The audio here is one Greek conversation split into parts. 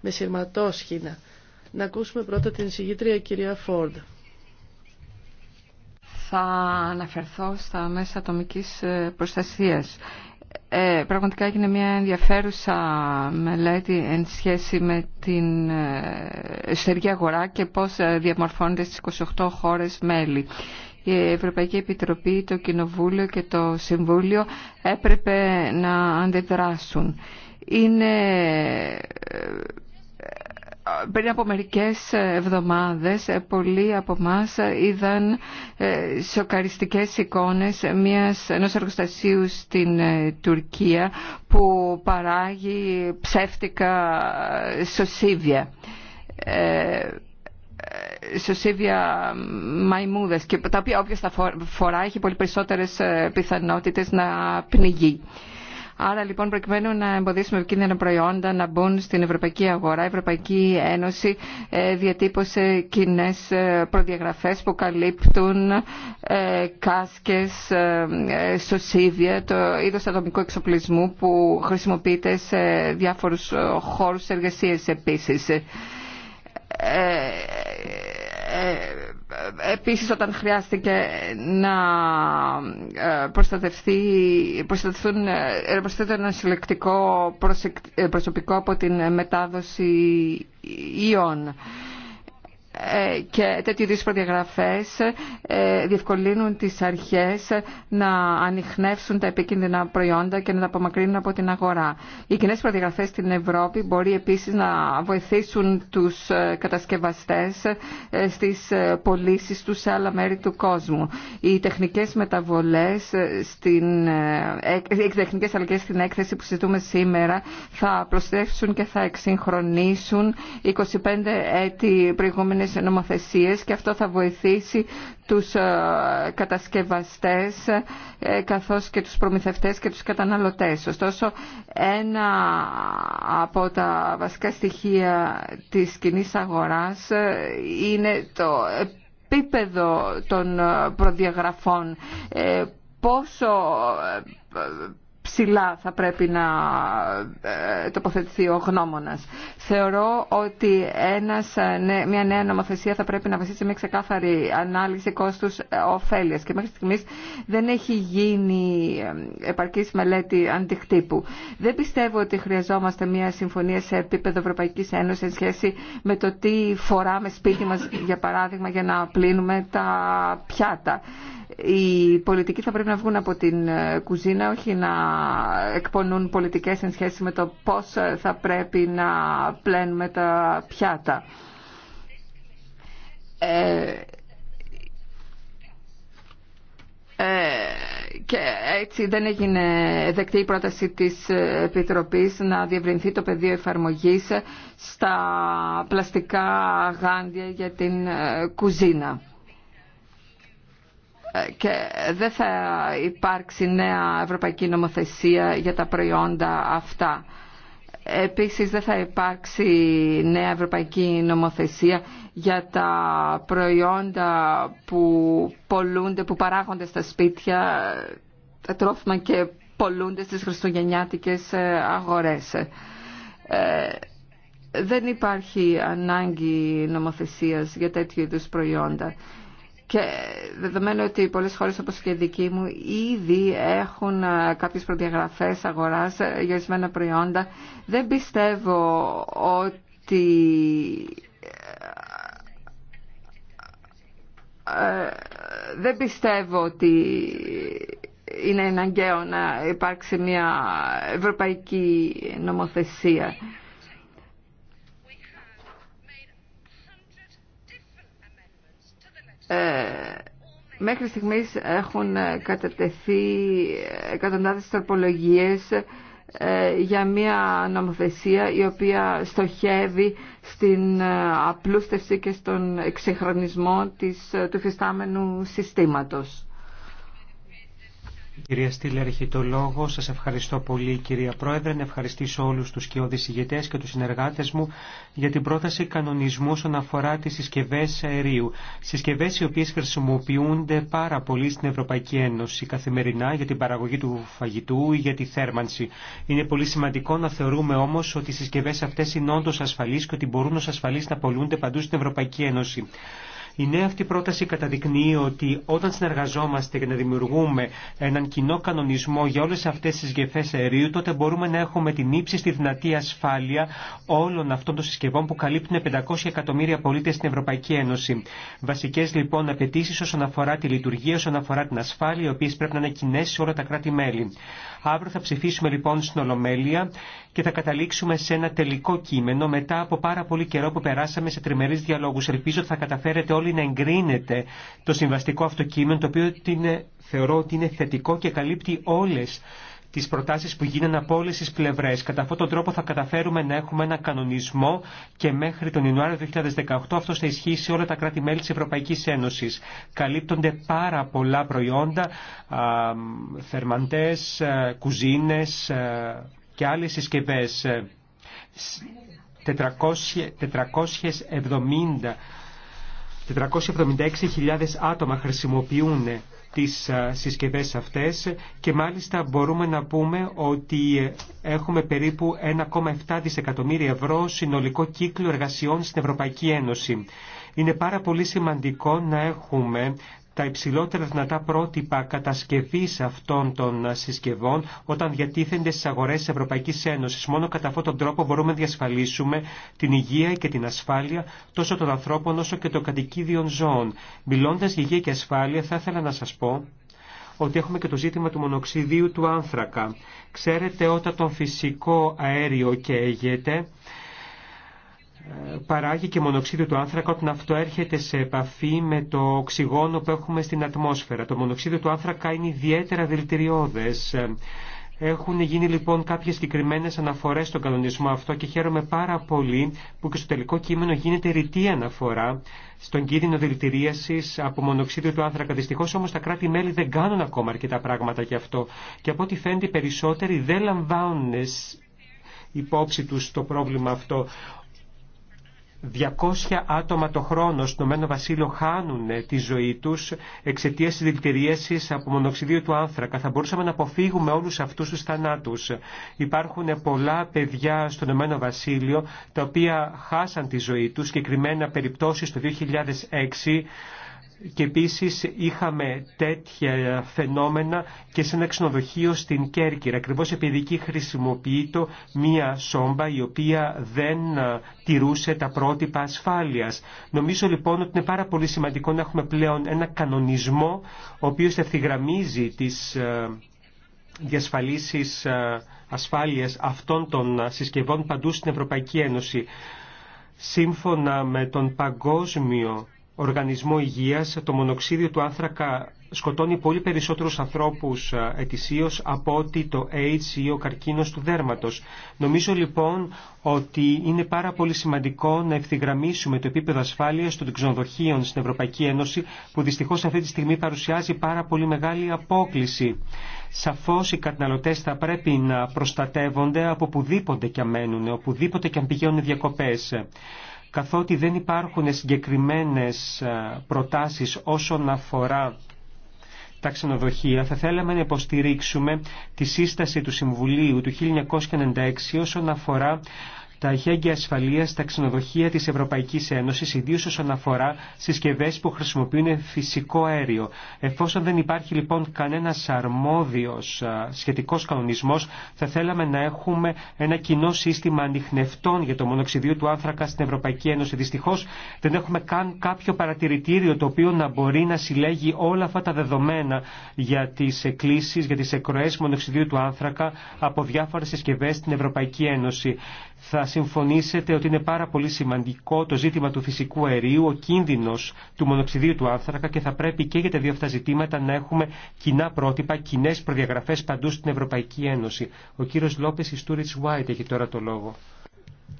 με σειρματόσχηνα. Να ακούσουμε πρώτα την συγγήτρια κυρία Φόρντ. Θα αναφερθώ στα μέσα ατομικής ε, προστασίας. Ε, πραγματικά έγινε μια ενδιαφέρουσα μελέτη εν σχέση με την ε, εσωτερική αγορά και πώς ε, διαμορφώνεται στις 28 χώρες μέλη. Η Ευρωπαϊκή Επιτροπή, το Κοινοβούλιο και το Συμβούλιο έπρεπε να αντιδράσουν. Είναι πριν από μερικές εβδομάδες πολλοί από εμά είδαν ε, σοκαριστικές εικόνες μιας, ενός εργοστασίου στην ε, Τουρκία που παράγει ψεύτικα ε, σωσίβια σωσίβια μαϊμούδες και τα οποία όποιος τα φορά έχει πολύ περισσότερες πιθανότητες να πνιγεί. Άρα λοιπόν προκειμένου να εμποδίσουμε επικίνδυνα προϊόντα να μπουν στην ευρωπαϊκή αγορά, η Ευρωπαϊκή Ένωση ε, διατύπωσε κοινέ ε, προδιαγραφέ που καλύπτουν ε, κάσκες, σωσίβια, το είδο ατομικού εξοπλισμού που χρησιμοποιείται σε διάφορους χώρους εργασίας επίσης. Επίσης όταν χρειάστηκε να ε, προστατευθεί, ε, ένα συλλεκτικό ε, προσωπικό από την μετάδοση ιών. Ε, και τέτοιου είδους προδιαγραφές ε, διευκολύνουν τις αρχές να ανοιχνεύσουν τα επικίνδυνα προϊόντα και να τα απομακρύνουν από την αγορά. Οι κοινέ προδιαγραφές στην Ευρώπη μπορεί επίσης να βοηθήσουν τους ε, κατασκευαστές στις πωλήσει του σε άλλα μέρη του κόσμου. Οι τεχνικές μεταβολές, στην, οι τεχνικές αλλαγές στην έκθεση που συζητούμε σήμερα θα προσθέσουν και θα εξυγχρονίσουν 25 έτη προηγούμενες νομοθεσίες και αυτό θα βοηθήσει τους ε, κατασκευαστές ε, καθώς και τους προμηθευτές και τους καταναλωτές. Ωστόσο, ένα από τα βασικά στοιχεία της κοινή αγοράς ε, είναι το επίπεδο των προδιαγραφών. Πόσο ψηλά θα πρέπει να ε, τοποθετηθεί ο γνώμονας. Θεωρώ ότι ένας, ε, μια νέα νομοθεσία θα πρέπει να βασίσει μια ξεκάθαρη ανάλυση κόστους ε, ωφέλειας και μέχρι στιγμής δεν έχει γίνει επαρκής μελέτη αντικτύπου. Δεν πιστεύω ότι χρειαζόμαστε μια συμφωνία σε επίπεδο Ευρωπαϊκής Ένωσης σε σχέση με το τι φοράμε σπίτι μας για παράδειγμα για να πλύνουμε τα πιάτα οι πολιτικοί θα πρέπει να βγουν από την ε, κουζίνα, όχι να εκπονούν πολιτικές εν σχέση με το πώς ε, θα πρέπει να πλένουμε τα πιάτα. Ε, και έτσι δεν έγινε δεκτή η πρόταση της Επιτροπής να διευρυνθεί το πεδίο εφαρμογής στα πλαστικά γάντια για την κουζίνα και δεν θα υπάρξει νέα ευρωπαϊκή νομοθεσία για τα προϊόντα αυτά. Επίσης δεν θα υπάρξει νέα ευρωπαϊκή νομοθεσία για τα προϊόντα που πολλούνται, που παράγονται στα σπίτια, τα τρόφιμα και πολλούνται στις χριστουγεννιάτικες ε, αγορές. Ε, δεν υπάρχει ανάγκη νομοθεσίας για τέτοιου είδους προϊόντα. Και δεδομένου ότι πολλές χώρες όπως και η δική μου ήδη έχουν ε, κάποιες προδιαγραφές αγοράς ε, για ορισμένα προϊόντα, δεν πιστεύω ότι ε, δεν πιστεύω ότι είναι αναγκαίο να υπάρξει μια ευρωπαϊκή νομοθεσία. Ε, μέχρι στιγμής έχουν κατατεθεί εκατοντάδες τροπολογίες ε, για μια νομοθεσία η οποία στοχεύει στην ε, απλούστευση και στον εξυγχρονισμό της, του φυστάμενου συστήματος. Κυρία Στήλερ, έχει το λόγο. Σας ευχαριστώ πολύ κυρία Πρόεδρε. Να ευχαριστήσω όλους τους κοιόδης ηγετές και τους συνεργάτες μου για την πρόταση κανονισμού όσον αφορά τι συσκευέ αερίου. Συσκευέ οι οποίε χρησιμοποιούνται πάρα πολύ στην Ευρωπαϊκή Ένωση καθημερινά για την παραγωγή του φαγητού ή για τη θέρμανση. Είναι πολύ σημαντικό να θεωρούμε όμως ότι οι συσκευέ αυτές είναι όντως ασφαλείς και ότι μπορούν ως ασφαλείς να πολλούνται παντού στην Ευρωπαϊκή Ένωση. Η νέα αυτή πρόταση καταδεικνύει ότι όταν συνεργαζόμαστε για να δημιουργούμε έναν κοινό κανονισμό για όλες αυτές τις γεφές αερίου, τότε μπορούμε να έχουμε την ύψιστη δυνατή ασφάλεια όλων αυτών των συσκευών που καλύπτουν 500 εκατομμύρια πολίτες στην Ευρωπαϊκή Ένωση. Βασικές λοιπόν απαιτήσει όσον αφορά τη λειτουργία, όσον αφορά την ασφάλεια, οι οποίες πρέπει να είναι κοινέ σε όλα τα κράτη-μέλη. Αύριο θα ψηφίσουμε λοιπόν στην Ολομέλεια και θα καταλήξουμε σε ένα τελικό κείμενο μετά από πάρα πολύ καιρό που περάσαμε σε τριμερείς διαλόγους. Ελπίζω ότι θα καταφέρετε όλοι να εγκρίνετε το συμβαστικό αυτό κείμενο, το οποίο είναι, θεωρώ ότι είναι θετικό και καλύπτει όλες τις προτάσεις που γίνανε από όλε τις πλευρές. Κατά αυτόν τον τρόπο θα καταφέρουμε να έχουμε ένα κανονισμό και μέχρι τον Ιανουάριο 2018 αυτό θα ισχύσει σε όλα τα κράτη-μέλη της Ευρωπαϊκής Ένωσης. Καλύπτονται πάρα πολλά προϊόντα, θερμαντές, κουζίνες, και άλλες συσκευές. 476.000 άτομα χρησιμοποιούν τις ε, συσκευές αυτές και μάλιστα μπορούμε να πούμε ότι ε, έχουμε περίπου 1,7 δισεκατομμύρια ευρώ συνολικό κύκλο εργασιών στην Ευρωπαϊκή Ένωση. Είναι πάρα πολύ σημαντικό να έχουμε τα υψηλότερα δυνατά πρότυπα κατασκευής αυτών των συσκευών όταν διατίθενται στις αγορές της Ευρωπαϊκής Ένωσης. Μόνο κατά αυτόν τον τρόπο μπορούμε να διασφαλίσουμε την υγεία και την ασφάλεια τόσο των ανθρώπων όσο και των κατοικίδιων ζώων. Μιλώντας για υγεία και ασφάλεια θα ήθελα να σας πω ότι έχουμε και το ζήτημα του μονοξιδίου του άνθρακα. Ξέρετε όταν τον φυσικό αέριο καίγεται, παράγει και μονοξίδιο του άνθρακα όταν αυτό έρχεται σε επαφή με το οξυγόνο που έχουμε στην ατμόσφαιρα. Το μονοξίδιο του άνθρακα είναι ιδιαίτερα δηλητηριώδες. Έχουν γίνει λοιπόν κάποιες συγκεκριμένε αναφορές στον κανονισμό αυτό και χαίρομαι πάρα πολύ που και στο τελικό κείμενο γίνεται ρητή αναφορά στον κίνδυνο δηλητηρίαση από μονοξίδιο του άνθρακα. Δυστυχώ όμω τα κράτη-μέλη δεν κάνουν ακόμα αρκετά πράγματα γι' αυτό και από ό,τι φαίνεται οι περισσότεροι δεν λαμβάνουν υπόψη του το πρόβλημα αυτό. 200 άτομα το χρόνο στο Ηνωμένο Βασίλειο χάνουν ε, τη ζωή τους εξαιτία τη δηλητηρίαση από μονοξιδίου του άνθρακα. Θα μπορούσαμε να αποφύγουμε όλους αυτούς τους θανάτους. Υπάρχουν ε, πολλά παιδιά στον Ηνωμένο Βασίλειο τα οποία χάσαν τη ζωή τους, συγκεκριμένα περιπτώσεις το 2006 και επίσης είχαμε τέτοια φαινόμενα και σε ένα ξενοδοχείο στην Κέρκυρα, ακριβώ επειδή εκεί χρησιμοποιείται μία σόμπα η οποία δεν τηρούσε τα πρότυπα ασφάλειας. Νομίζω λοιπόν ότι είναι πάρα πολύ σημαντικό να έχουμε πλέον ένα κανονισμό ο οποίος ευθυγραμμίζει τις διασφαλίσεις ασφάλειας αυτών των συσκευών παντού στην Ευρωπαϊκή Ένωση. Σύμφωνα με τον Παγκόσμιο Οργανισμό Υγείας, το μονοξίδιο του άνθρακα σκοτώνει πολύ περισσότερους ανθρώπους ε, ετησίως από ότι το AIDS ή ο καρκίνος του δέρματος. Νομίζω λοιπόν ότι είναι πάρα πολύ σημαντικό να ευθυγραμμίσουμε το επίπεδο ασφάλειας των ξενοδοχείων στην Ευρωπαϊκή Ένωση που δυστυχώς αυτή τη στιγμή παρουσιάζει πάρα πολύ μεγάλη απόκληση. Σαφώς οι καταναλωτές θα πρέπει να προστατεύονται από πουδήποτε και αν μένουν, οπουδήποτε και αν πηγαίνουν διακοπές καθότι δεν υπάρχουν συγκεκριμένες ε, προτάσεις όσον αφορά τα ξενοδοχεία, θα θέλαμε να υποστηρίξουμε τη σύσταση του Συμβουλίου του 1996 όσον αφορά τα και ασφαλεία στα ξενοδοχεία τη Ευρωπαϊκή Ένωση, ιδίω όσον αφορά συσκευέ που χρησιμοποιούν φυσικό αέριο. Εφόσον δεν υπάρχει λοιπόν κανένα αρμόδιο σχετικό κανονισμό, θα θέλαμε να έχουμε ένα κοινό σύστημα ανιχνευτών για το μονοξυδίου του άνθρακα στην Ευρωπαϊκή Ένωση. Δυστυχώ δεν έχουμε καν κάποιο παρατηρητήριο το οποίο να μπορεί να συλλέγει όλα αυτά τα δεδομένα για τι εκκλήσει, για τι εκροέ μονοξιδίου του άνθρακα από διάφορε συσκευέ στην Ευρωπαϊκή Ένωση θα συμφωνήσετε ότι είναι πάρα πολύ σημαντικό το ζήτημα του φυσικού αερίου, ο κίνδυνος του μονοξιδίου του άνθρακα και θα πρέπει και για τα δύο αυτά ζητήματα να έχουμε κοινά πρότυπα, κοινέ προδιαγραφές παντού στην Ευρωπαϊκή Ένωση. Ο κύριος Λόπες Ιστούριτς Βάιτ έχει τώρα το λόγο.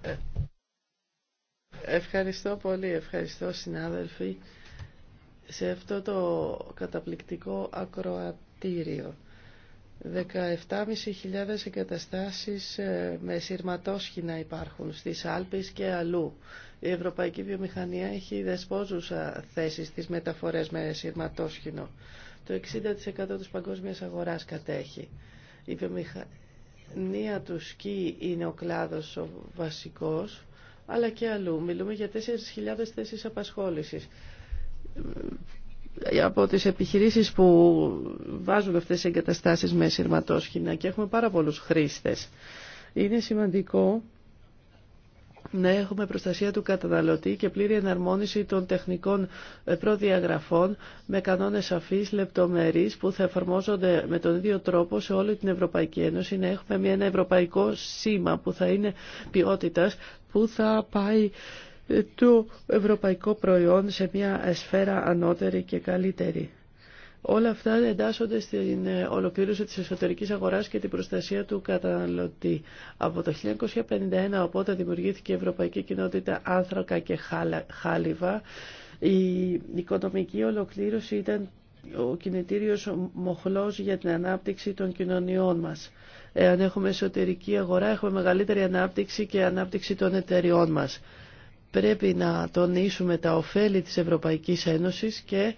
Ε, ευχαριστώ πολύ, ευχαριστώ συνάδελφοι σε αυτό το καταπληκτικό ακροατήριο. 17.500 εγκαταστάσεις ε, με σειρματόσχηνα υπάρχουν στις Άλπεις και αλλού. Η ευρωπαϊκή βιομηχανία έχει δεσπόζουσα θέση στις μεταφορές με σειρματόσχηνο. Το 60% της παγκόσμιας αγοράς κατέχει. Η βιομηχανία του σκι είναι ο κλάδος ο βασικός, αλλά και αλλού. Μιλούμε για 4.000 θέσεις απασχόλησης από τις επιχειρήσεις που βάζουν αυτές τις εγκαταστάσεις με σειρματόσχηνα και έχουμε πάρα πολλούς χρήστες. Είναι σημαντικό να έχουμε προστασία του καταναλωτή και πλήρη εναρμόνιση των τεχνικών ε, προδιαγραφών με κανόνες αφής λεπτομερής που θα εφαρμόζονται με τον ίδιο τρόπο σε όλη την Ευρωπαϊκή Ένωση να έχουμε ένα ευρωπαϊκό σήμα που θα είναι ποιότητας που θα πάει του ευρωπαϊκού προϊόν σε μια σφαίρα ανώτερη και καλύτερη. Όλα αυτά εντάσσονται στην ε, ολοκλήρωση της εσωτερικής αγοράς και την προστασία του καταναλωτή. Από το 1951 οπότε δημιουργήθηκε η Ευρωπαϊκή Κοινότητα Άνθρακα και Χάλιβα. Η οικονομική ολοκλήρωση ήταν ο κινητήριος μοχλός για την ανάπτυξη των κοινωνιών μας. Εάν έχουμε εσωτερική αγορά έχουμε μεγαλύτερη ανάπτυξη και ανάπτυξη των εταιριών μας πρέπει να τονίσουμε τα ωφέλη της Ευρωπαϊκής Ένωσης και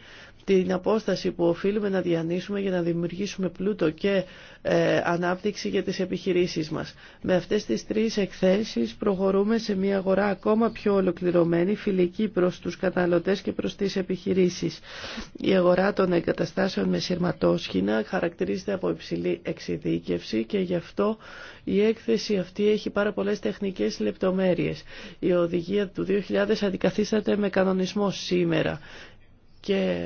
την απόσταση που οφείλουμε να διανύσουμε για να δημιουργήσουμε πλούτο και ε, ανάπτυξη για τις επιχειρήσεις μας. Με αυτές τις τρεις εκθέσεις προχωρούμε σε μια αγορά ακόμα πιο ολοκληρωμένη, φιλική προς τους καταναλωτές και προς τις επιχειρήσεις. Η αγορά των εγκαταστάσεων με σειρματόσχηνα χαρακτηρίζεται από υψηλή εξειδίκευση και γι' αυτό η έκθεση αυτή έχει πάρα πολλές τεχνικές λεπτομέρειες. Η οδηγία του 2000 αντικαθίσταται με κανονισμό σήμερα και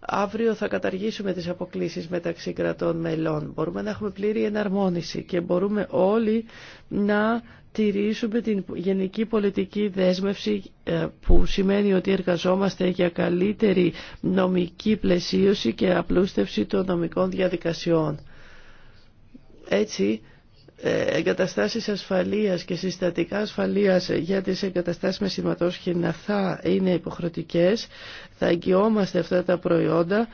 Αύριο θα καταργήσουμε τις αποκλίσεις μεταξύ κρατών μελών. Μπορούμε να έχουμε πλήρη εναρμόνιση και μπορούμε όλοι να τηρήσουμε την γενική πολιτική δέσμευση ε, που σημαίνει ότι εργαζόμαστε για καλύτερη νομική πλαισίωση και απλούστευση των νομικών διαδικασιών. Έτσι ε, εγκαταστάσεις ασφαλείας και συστατικά ασφαλείας για τις εγκαταστάσεις με να θα είναι υποχρεωτικές, θα εγγυόμαστε αυτά τα προϊόντα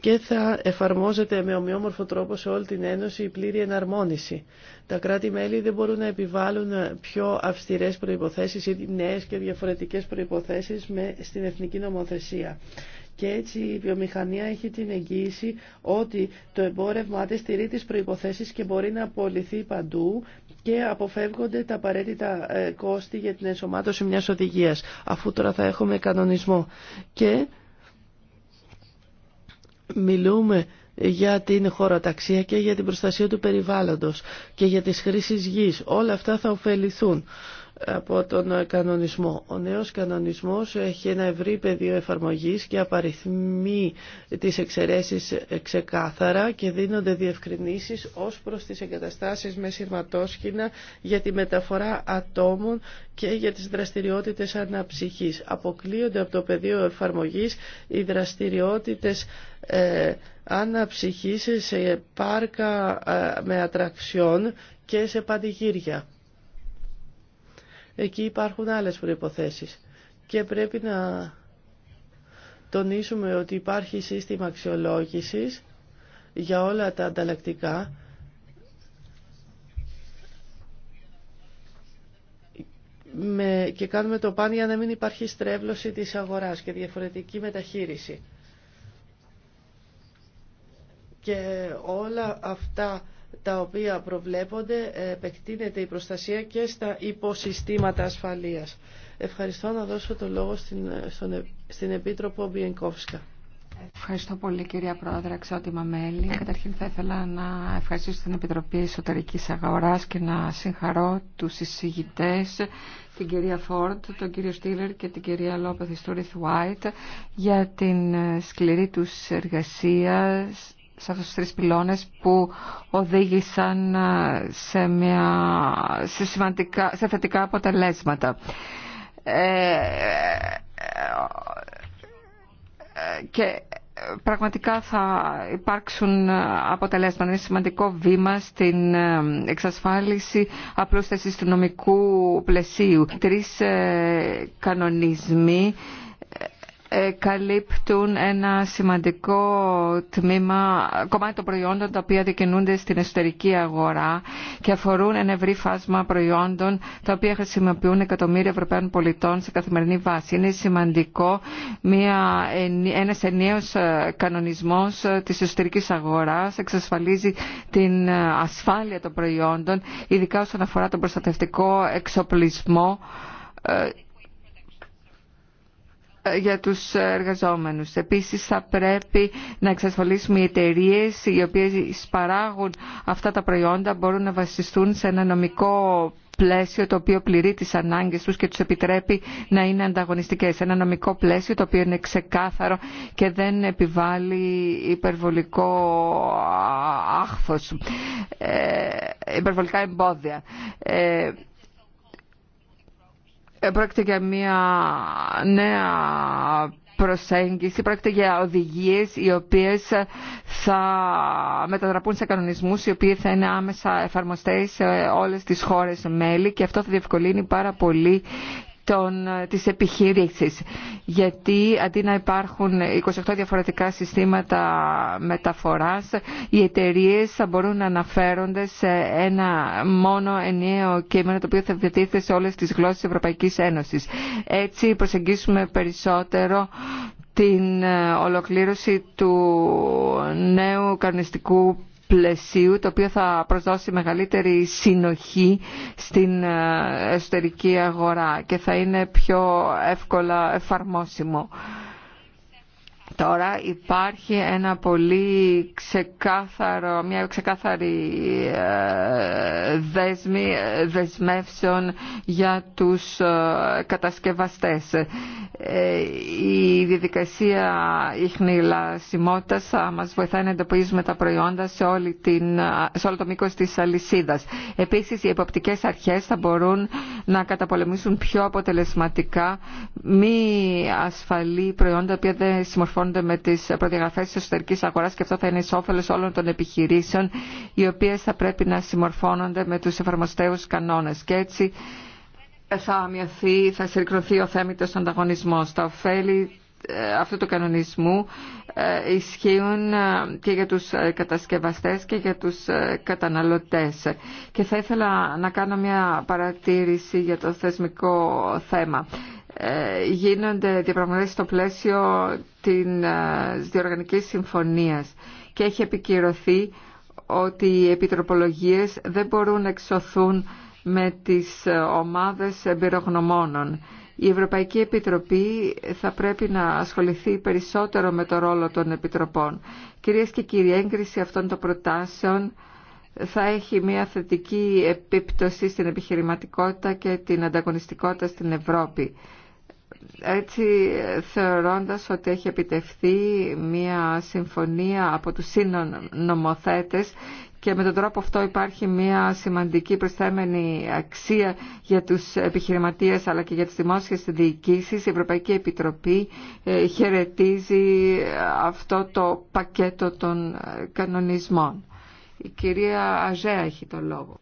και θα εφαρμόζεται με ομοιόμορφο τρόπο σε όλη την Ένωση η πλήρη εναρμόνιση. Τα κράτη-μέλη δεν μπορούν να επιβάλλουν πιο αυστηρές προϋποθέσεις ή νέες και διαφορετικές προϋποθέσεις με, στην εθνική νομοθεσία και έτσι η βιομηχανία έχει την εγγύηση ότι το εμπόρευμά της στηρεί τις προϋποθέσεις και μπορεί να απολυθεί παντού και αποφεύγονται τα απαραίτητα ε, κόστη για την ενσωμάτωση μιας οδηγίας, αφού τώρα θα έχουμε κανονισμό. Και μιλούμε για την χωροταξία και για την προστασία του περιβάλλοντος και για τις χρήσεις γης. Όλα αυτά θα ωφεληθούν από τον κανονισμό. Ο νέος κανονισμός έχει ένα ευρύ πεδίο εφαρμογής και απαριθμεί τις εξαιρέσεις ξεκάθαρα και δίνονται διευκρινήσεις ως προς τις εγκαταστάσεις με σειρματόσχηνα για τη μεταφορά ατόμων και για τις δραστηριότητες αναψυχής. Αποκλείονται από το πεδίο εφαρμογής οι δραστηριότητες ε, αναψυχής σε πάρκα ε, με ατραξιόν και σε παντηγύρια εκεί υπάρχουν άλλες προϋποθέσεις και πρέπει να τονίσουμε ότι υπάρχει σύστημα αξιολόγησης για όλα τα ανταλλακτικά και κάνουμε το πάνω για να μην υπάρχει στρέβλωση της αγοράς και διαφορετική μεταχείριση. Και όλα αυτά τα οποία προβλέπονται ε, επεκτείνεται η προστασία και στα υποσυστήματα ασφαλείας. Ευχαριστώ να δώσω το λόγο στην, ε, στον, ε, στην Επίτροπο Μπιενκόφσκα. Ευχαριστώ πολύ κυρία Πρόεδρε, εξότιμα μέλη. Καταρχήν θα ήθελα να ευχαριστήσω την Επιτροπή Εσωτερικής Αγοράς και να συγχαρώ τους εισηγητές, την κυρία Φόρντ, τον κύριο Στήλερ και την κυρία Λόπεθ Λόπαθη Βάιτ για την σκληρή τους εργασία σε αυτούς τους τρεις πυλώνες που οδήγησαν ε, σε, μια, σε, σημαντικά, σε θετικά αποτελέσματα. Ε, ε, και πραγματικά θα υπάρξουν αποτελέσματα. Είναι σημαντικό βήμα στην εξασφάλιση απλούστασης του νομικού πλαισίου. Τρεις κανονισμοί καλύπτουν ένα σημαντικό τμήμα, κομμάτι των προϊόντων τα οποία δικαινούνται στην εσωτερική αγορά και αφορούν ένα ευρύ φάσμα προϊόντων τα οποία χρησιμοποιούν εκατομμύρια Ευρωπαίων πολιτών σε καθημερινή βάση. Είναι σημαντικό μια, ένας ενιαίος ε, κανονισμός ε, της εσωτερικής αγοράς εξασφαλίζει την ε, ασφάλεια των προϊόντων ειδικά όσον αφορά τον προστατευτικό εξοπλισμό για τους εργαζόμενους. Επίσης θα πρέπει να εξασφαλίσουμε οι εταιρείε οι οποίες παράγουν αυτά τα προϊόντα μπορούν να βασιστούν σε ένα νομικό πλαίσιο το οποίο πληρεί τις ανάγκες τους και τους επιτρέπει να είναι ανταγωνιστικές. Ένα νομικό πλαίσιο το οποίο είναι ξεκάθαρο και δεν επιβάλλει υπερβολικό άχθος, ε, υπερβολικά εμπόδια. Ε, Πρόκειται για μια νέα προσέγγιση, πρόκειται για οδηγίες οι οποίες θα μετατραπούν σε κανονισμούς οι οποίοι θα είναι άμεσα εφαρμοστές σε όλες τις χώρες μέλη και αυτό θα διευκολύνει πάρα πολύ των, ε, της επιχείρησης. Γιατί αντί να υπάρχουν 28 διαφορετικά συστήματα μεταφοράς, οι εταιρείε θα μπορούν να αναφέρονται σε ένα μόνο ενιαίο κείμενο το οποίο θα διατίθεται σε όλες τις γλώσσες της Ευρωπαϊκής Ένωσης. Έτσι προσεγγίσουμε περισσότερο την ε, ολοκλήρωση του νέου κανονιστικού πλαισίου το οποίο θα προσδώσει μεγαλύτερη συνοχή στην ε, εσωτερική αγορά και θα είναι πιο εύκολα εφαρμόσιμο. Τώρα υπάρχει ένα πολύ ξεκάθαρο, μια ξεκάθαρη ε, δέσμη ε, δεσμεύσεων για τους ε, κατασκευαστές. Η διαδικασία ίχνηλασιμότητας θα μας βοηθάει να εντοπίζουμε τα προϊόντα σε, όλη την, σε όλο το μήκος της αλυσίδας. Επίσης οι υποπτικές αρχές θα μπορούν να καταπολεμήσουν πιο αποτελεσματικά μη ασφαλή προϊόντα που δεν συμμορφώνουν με τι προδιαγραφέ τη εσωτερική αγορά και αυτό θα είναι ει όλων των επιχειρήσεων, οι οποίε θα πρέπει να συμμορφώνονται με του εφαρμοστέου κανόνε. Και έτσι θα μειωθεί, θα συρρικνωθεί ο θέμητο ανταγωνισμό. Τα ωφέλη ε, αυτού του κανονισμού ε, ισχύουν ε, και για τους κατασκευαστές και για τους καταναλωτές. Και θα ήθελα να κάνω μια παρατήρηση για το θεσμικό θέμα. Ε, γίνονται διαπραγματεύσεις στο πλαίσιο ε, της διοργανική συμφωνίας και έχει επικυρωθεί ότι οι επιτροπολογίες δεν μπορούν να εξωθούν με τις ε, ομάδες εμπειρογνωμόνων. Η Ευρωπαϊκή Επιτροπή θα πρέπει να ασχοληθεί περισσότερο με το ρόλο των επιτροπών. Κυρίες και κύριοι, έγκριση αυτών των προτάσεων θα έχει μια θετική επίπτωση στην επιχειρηματικότητα και την ανταγωνιστικότητα στην Ευρώπη έτσι θεωρώντας ότι έχει επιτευχθεί μια συμφωνία από τους νομοθέτες και με τον τρόπο αυτό υπάρχει μια σημαντική προσθέμενη αξία για τους επιχειρηματίες αλλά και για τις δημόσιες διοικήσεις. Η Ευρωπαϊκή Επιτροπή ε, χαιρετίζει αυτό το πακέτο των κανονισμών. Η κυρία Αζέα έχει το λόγο.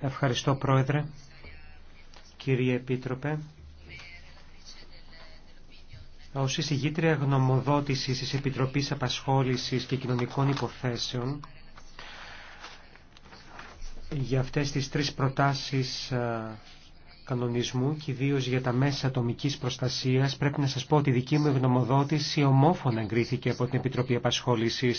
Ευχαριστώ Πρόεδρε. Κύριε Επίτροπε, ω εισηγήτρια γνωμοδότηση τη Επιτροπή Απασχόληση και Κοινωνικών Υποθέσεων, για αυτές τις τρει προτάσεις ε, κανονισμού και ιδίω για τα μέσα ατομική προστασία, πρέπει να σα πω ότι η δική μου γνωμοδότηση ομόφωνα εγκρίθηκε από την Επιτροπή Απασχόληση.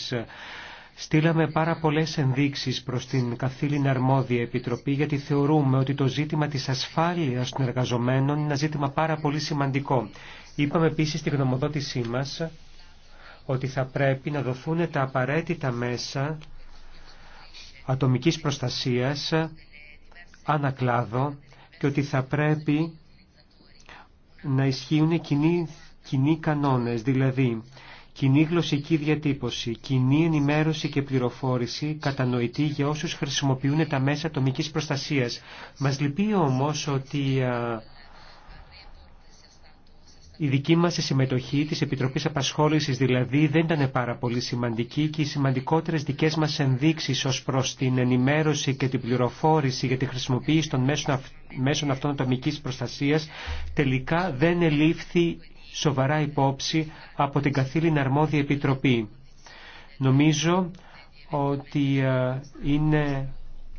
Στείλαμε πάρα πολλές ενδείξεις προς την καθήλυνα αρμόδια επιτροπή γιατί θεωρούμε ότι το ζήτημα της ασφάλειας των εργαζομένων είναι ένα ζήτημα πάρα πολύ σημαντικό. Είπαμε επίσης στη γνωμοδότησή μας ότι θα πρέπει να δοθούν τα απαραίτητα μέσα ατομικής προστασίας, ανακλάδο και ότι θα πρέπει να ισχύουν κοινοί, κοινοί κανόνες, δηλαδή κοινή γλωσσική διατύπωση, κοινή ενημέρωση και πληροφόρηση κατανοητή για όσους χρησιμοποιούν τα μέσα τομικής προστασίας. Μας λυπεί όμως ότι η δική μας συμμετοχή της Επιτροπής Απασχόλησης δηλαδή δεν ήταν πάρα πολύ σημαντική και οι σημαντικότερες δικές μας ενδείξεις ως προς την ενημέρωση και την πληροφόρηση για τη χρησιμοποίηση των μέσων, μέσων αυτών ατομικής προστασίας τελικά δεν ελήφθη σοβαρά υπόψη από την καθήλυνα αρμόδια επιτροπή. Νομίζω ότι ε, είναι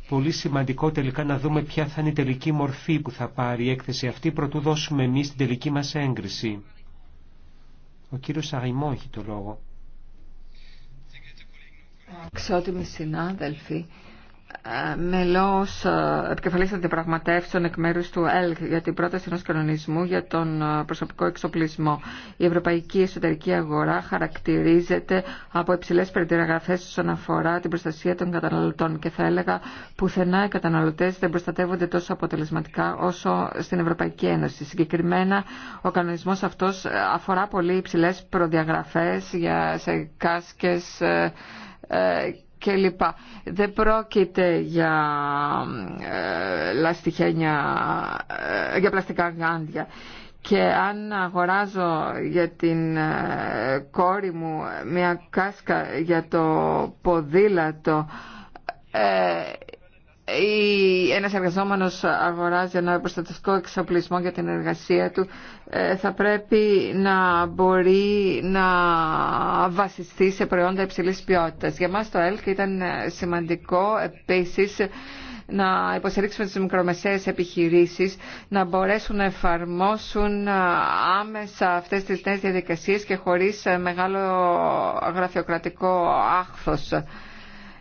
πολύ σημαντικό τελικά να δούμε ποια θα είναι η τελική μορφή που θα πάρει η έκθεση αυτή προτού δώσουμε εμείς την τελική μας έγκριση. Ο κύριος Σαγημό έχει το λόγο. Ξότιμοι συνάδελφοι, μελός ε, επικεφαλής αντιπραγματεύσεων εκ μέρου του ΕΛΚ για την πρόταση ενός κανονισμού για τον ε, προσωπικό εξοπλισμό. Η ευρωπαϊκή εσωτερική αγορά χαρακτηρίζεται από υψηλές προδιαγραφές όσον αφορά την προστασία των καταναλωτών και θα έλεγα πουθενά οι καταναλωτές δεν προστατεύονται τόσο αποτελεσματικά όσο στην Ευρωπαϊκή Ένωση. Συγκεκριμένα ο κανονισμός αυτός ε, αφορά πολύ υψηλές προδιαγραφές σε κάσκες κλπ. Δεν πρόκειται για, ε, ε, για πλαστικά γάντια. Και αν αγοράζω για την ε, κόρη μου μια κάσκα για το ποδήλατο, ε, ένας εργαζόμενος αγοράζει ένα προστατευτικό εξοπλισμό για την εργασία του ε, θα πρέπει να μπορεί να βασιστεί σε προϊόντα υψηλής ποιότητας. Για μας το ΕΛΚ ήταν σημαντικό επίσης να υποστηρίξουμε τις μικρομεσαίες επιχειρήσεις να μπορέσουν να εφαρμόσουν άμεσα αυτές τις νέες διαδικασίες και χωρίς μεγάλο γραφειοκρατικό άχθος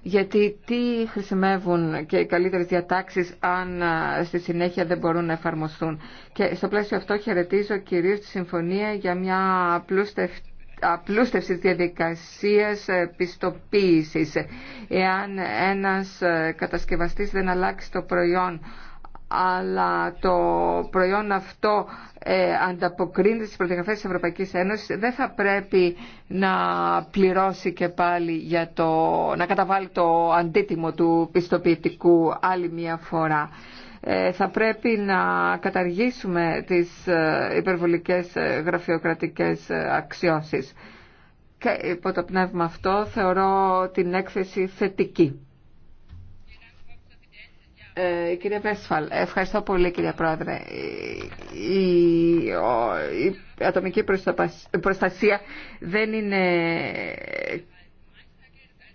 γιατί τι χρησιμεύουν και οι καλύτερες διατάξεις αν στη συνέχεια δεν μπορούν να εφαρμοστούν. Και στο πλαίσιο αυτό χαιρετίζω κυρίως τη συμφωνία για μια απλούστευση διαδικασίας ε, πιστοποίησης. Εάν ένας ε, κατασκευαστής δεν αλλάξει το προϊόν αλλά το προϊόν αυτό ε, ανταποκρίνεται στις προδιαγραφές της Ευρωπαϊκής Ένωσης δεν θα πρέπει να πληρώσει και πάλι για το, να καταβάλει το αντίτιμο του πιστοποιητικού άλλη μια φορά ε, θα πρέπει να καταργήσουμε τις ε, υπερβολικές γραφειοκρατικές αξιώσεις. Και υπό το πνεύμα αυτό θεωρώ την έκθεση θετική. Ε, κύριε Βέσφαλ, ευχαριστώ πολύ κύριε Πρόεδρε. η ατομική προστασία δεν είναι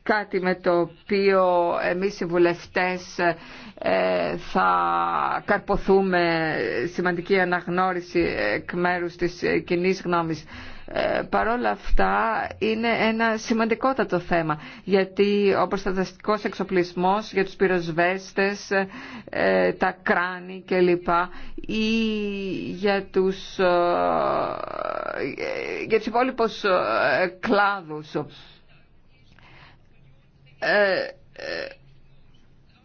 κάτι με το οποίο εμείς οι βουλευτές ε, θα καρποθούμε σημαντική αναγνώριση εκ μέρους της κοινή γνώμης. Ε, παρόλα αυτά είναι ένα σημαντικότατο θέμα γιατί ο προστατευτικός εξοπλισμός για τους πυροσβέστες, ε, τα κράνη κλπ. ή για τους, για τους υπόλοιπους κλάδους ε, ε,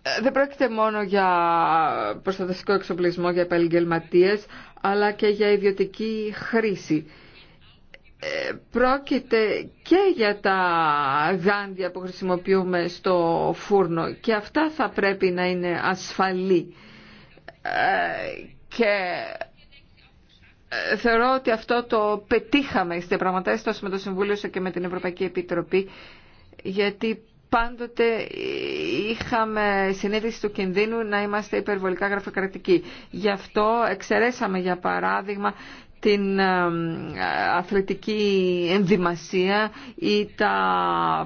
ε, δεν πρόκειται μόνο για προστατευτικό εξοπλισμό για επαγγελματίε, αλλά και για ιδιωτική χρήση. Πρόκειται και για τα γάντια που χρησιμοποιούμε στο φούρνο και αυτά θα πρέπει να είναι ασφαλή. Και θεωρώ ότι αυτό το πετύχαμε στις διαπραγματεύσεις τόσο με το Συμβούλιο και με την Ευρωπαϊκή Επιτροπή γιατί πάντοτε είχαμε συνείδηση του κινδύνου να είμαστε υπερβολικά γραφειοκρατικοί. Γι' αυτό εξαιρέσαμε για παράδειγμα την αθλητική ενδυμασία ή τα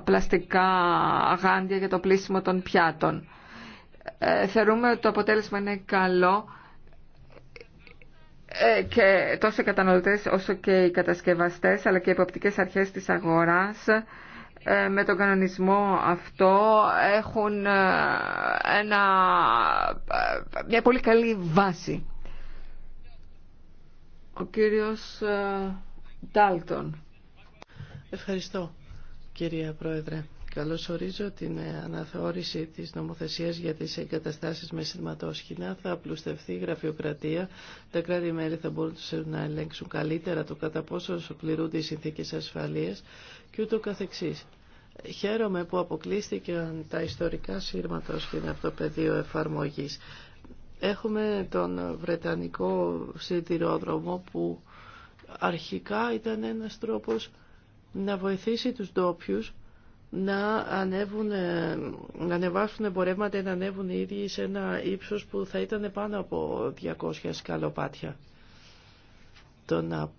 πλαστικά γάντια για το πλήσιμο των πιάτων. Ε, θεωρούμε ότι το αποτέλεσμα είναι καλό ε, και τόσο οι όσο και οι κατασκευαστές αλλά και οι υποπτικές αρχές της αγοράς ε, με τον κανονισμό αυτό έχουν ε, ένα, ε, μια πολύ καλή βάση. Ο κύριος Ντάλτον. Ευχαριστώ κυρία Πρόεδρε. Καλωσορίζω την αναθεώρηση της νομοθεσίας για τις εγκαταστάσεις με σειρματόσχηνα. Θα απλουστευτεί η γραφειοκρατία. Τα κράτη-μέλη θα μπορούν να ελέγξουν καλύτερα το κατά πόσο πληρούνται οι συνθήκες ασφαλείας και ούτω καθεξής. Χαίρομαι που αποκλείστηκαν τα ιστορικά σύρματόσχηνα από το πεδίο εφαρμογής. Έχουμε τον Βρετανικό σιδηρόδρομο που αρχικά ήταν ένας τρόπος να βοηθήσει τους ντόπιου να, ανέβουν, ε, να ανεβάσουν εμπορεύματα ή να ανέβουν οι ίδιοι σε ένα ύψος που θα ήταν πάνω από 200 σκαλοπάτια. Το να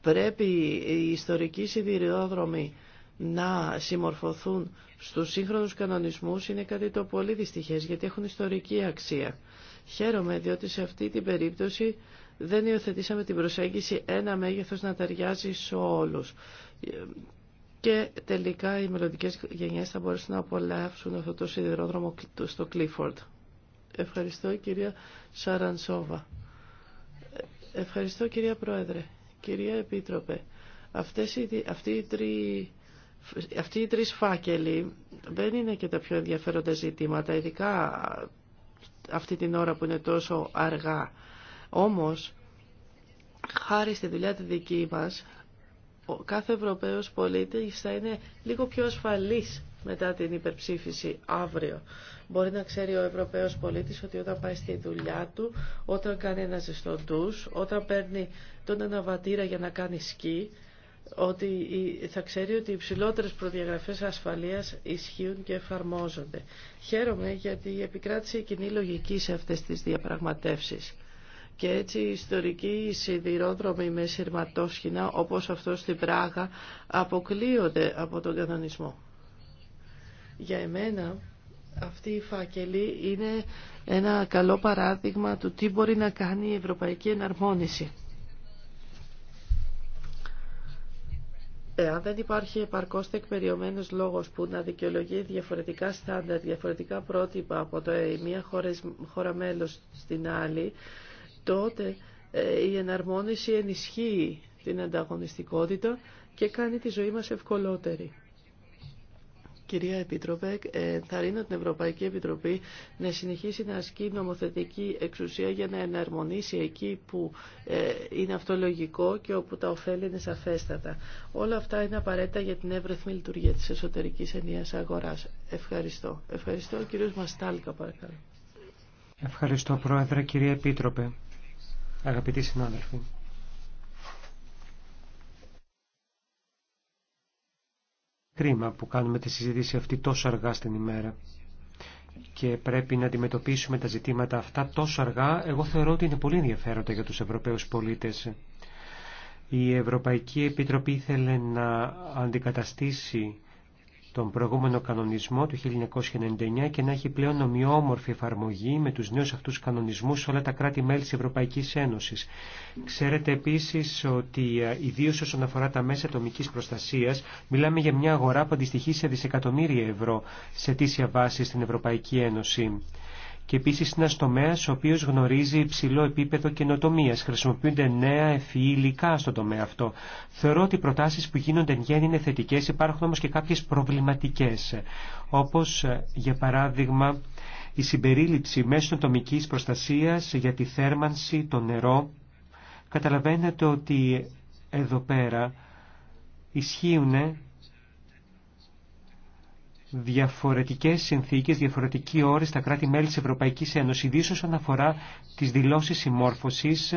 πρέπει οι ιστορικοί σιδηροδρομοί να συμμορφωθούν στους σύγχρονους κανονισμούς είναι κάτι το πολύ δυστυχές γιατί έχουν ιστορική αξία. Χαίρομαι διότι σε αυτή την περίπτωση δεν υιοθετήσαμε την προσέγγιση ένα μέγεθος να ταιριάζει σε όλους και τελικά οι μελλοντικέ γενιές θα μπορέσουν να απολαύσουν αυτό το σιδηρόδρομο στο Κλίφορντ. Ευχαριστώ κυρία Σαρανσόβα. Ευχαριστώ κυρία Πρόεδρε, κυρία Επίτροπε. Αυτές οι, αυτοί οι τρει αυτοί οι τρεις φάκελοι δεν είναι και τα πιο ενδιαφέροντα ζητήματα, ειδικά αυτή την ώρα που είναι τόσο αργά. Όμως, χάρη στη δουλειά τη δική μας, ο κάθε Ευρωπαίος πολίτης θα είναι λίγο πιο ασφαλής μετά την υπερψήφιση αύριο. Μπορεί να ξέρει ο Ευρωπαίος πολίτης ότι όταν πάει στη δουλειά του, όταν κάνει ένα ζεστό ντους, όταν παίρνει τον αναβατήρα για να κάνει σκι, ότι θα ξέρει ότι οι υψηλότερες προδιαγραφές ασφαλείας ισχύουν και εφαρμόζονται. Χαίρομαι γιατί επικράτησε η κοινή λογική σε αυτές τις διαπραγματεύσεις. Και έτσι οι ιστορικοί σιδηρόδρομοι με σειρματόσχηνα όπως αυτό στην Πράγα αποκλείονται από τον κανονισμό. Για εμένα αυτή η φάκελη είναι ένα καλό παράδειγμα του τι μπορεί να κάνει η ευρωπαϊκή εναρμόνιση. Αν δεν υπάρχει επαρκώς τεκμεριωμένος λόγος που να δικαιολογεί διαφορετικά στάνταρ, διαφορετικά πρότυπα από το μία χώρα μέλος στην άλλη, τότε ε, η εναρμόνιση ενισχύει την ανταγωνιστικότητα και κάνει τη ζωή μας ευκολότερη. Κυρία Επίτροπε, θα την Ευρωπαϊκή Επιτροπή να συνεχίσει να ασκεί νομοθετική εξουσία για να εναρμονίσει εκεί που ε, είναι αυτολογικό και όπου τα ωφέλη είναι σαφέστατα. Όλα αυτά είναι απαραίτητα για την εύρεθμη λειτουργία της εσωτερικής ενίας αγοράς. Ευχαριστώ. Ευχαριστώ. κύριος Μαστάλκα, παρακαλώ. Ευχαριστώ, Πρόεδρε, κυρία Επίτροπε αγαπητοί συνάδελφοι. Κρίμα που κάνουμε τη συζήτηση αυτή τόσο αργά στην ημέρα και πρέπει να αντιμετωπίσουμε τα ζητήματα αυτά τόσο αργά, εγώ θεωρώ ότι είναι πολύ ενδιαφέροντα για τους Ευρωπαίους πολίτες. Η Ευρωπαϊκή Επιτροπή ήθελε να αντικαταστήσει τον προηγούμενο κανονισμό του 1999 και να έχει πλέον ομοιόμορφη εφαρμογή με τους νέους αυτούς κανονισμούς σε όλα τα κράτη-μέλη της Ευρωπαϊκής Ένωσης. Ξέρετε επίσης ότι ε, ιδίως όσον αφορά τα μέσα ατομικής προστασίας μιλάμε για μια αγορά που αντιστοιχεί σε δισεκατομμύρια ευρώ σε τήσια βάση στην Ευρωπαϊκή Ένωση και επίσης ένα τομέα ο οποίο γνωρίζει υψηλό επίπεδο καινοτομία. Χρησιμοποιούνται νέα ευφυή υλικά στον τομέα αυτό. Θεωρώ ότι οι προτάσεις που γίνονται εν γέννη είναι θετικέ, υπάρχουν όμω και κάποιε προβληματικές, όπως ε, για παράδειγμα η συμπερίληψη μέσω τομικής προστασίας για τη θέρμανση, το νερό. Καταλαβαίνετε ότι εδώ πέρα ισχύουν διαφορετικές συνθήκες, διαφορετικοί ώρα στα κράτη-μέλη της Ευρωπαϊκής Ένωσης, ιδίως όσον αφορά τις δηλώσεις συμμόρφωσης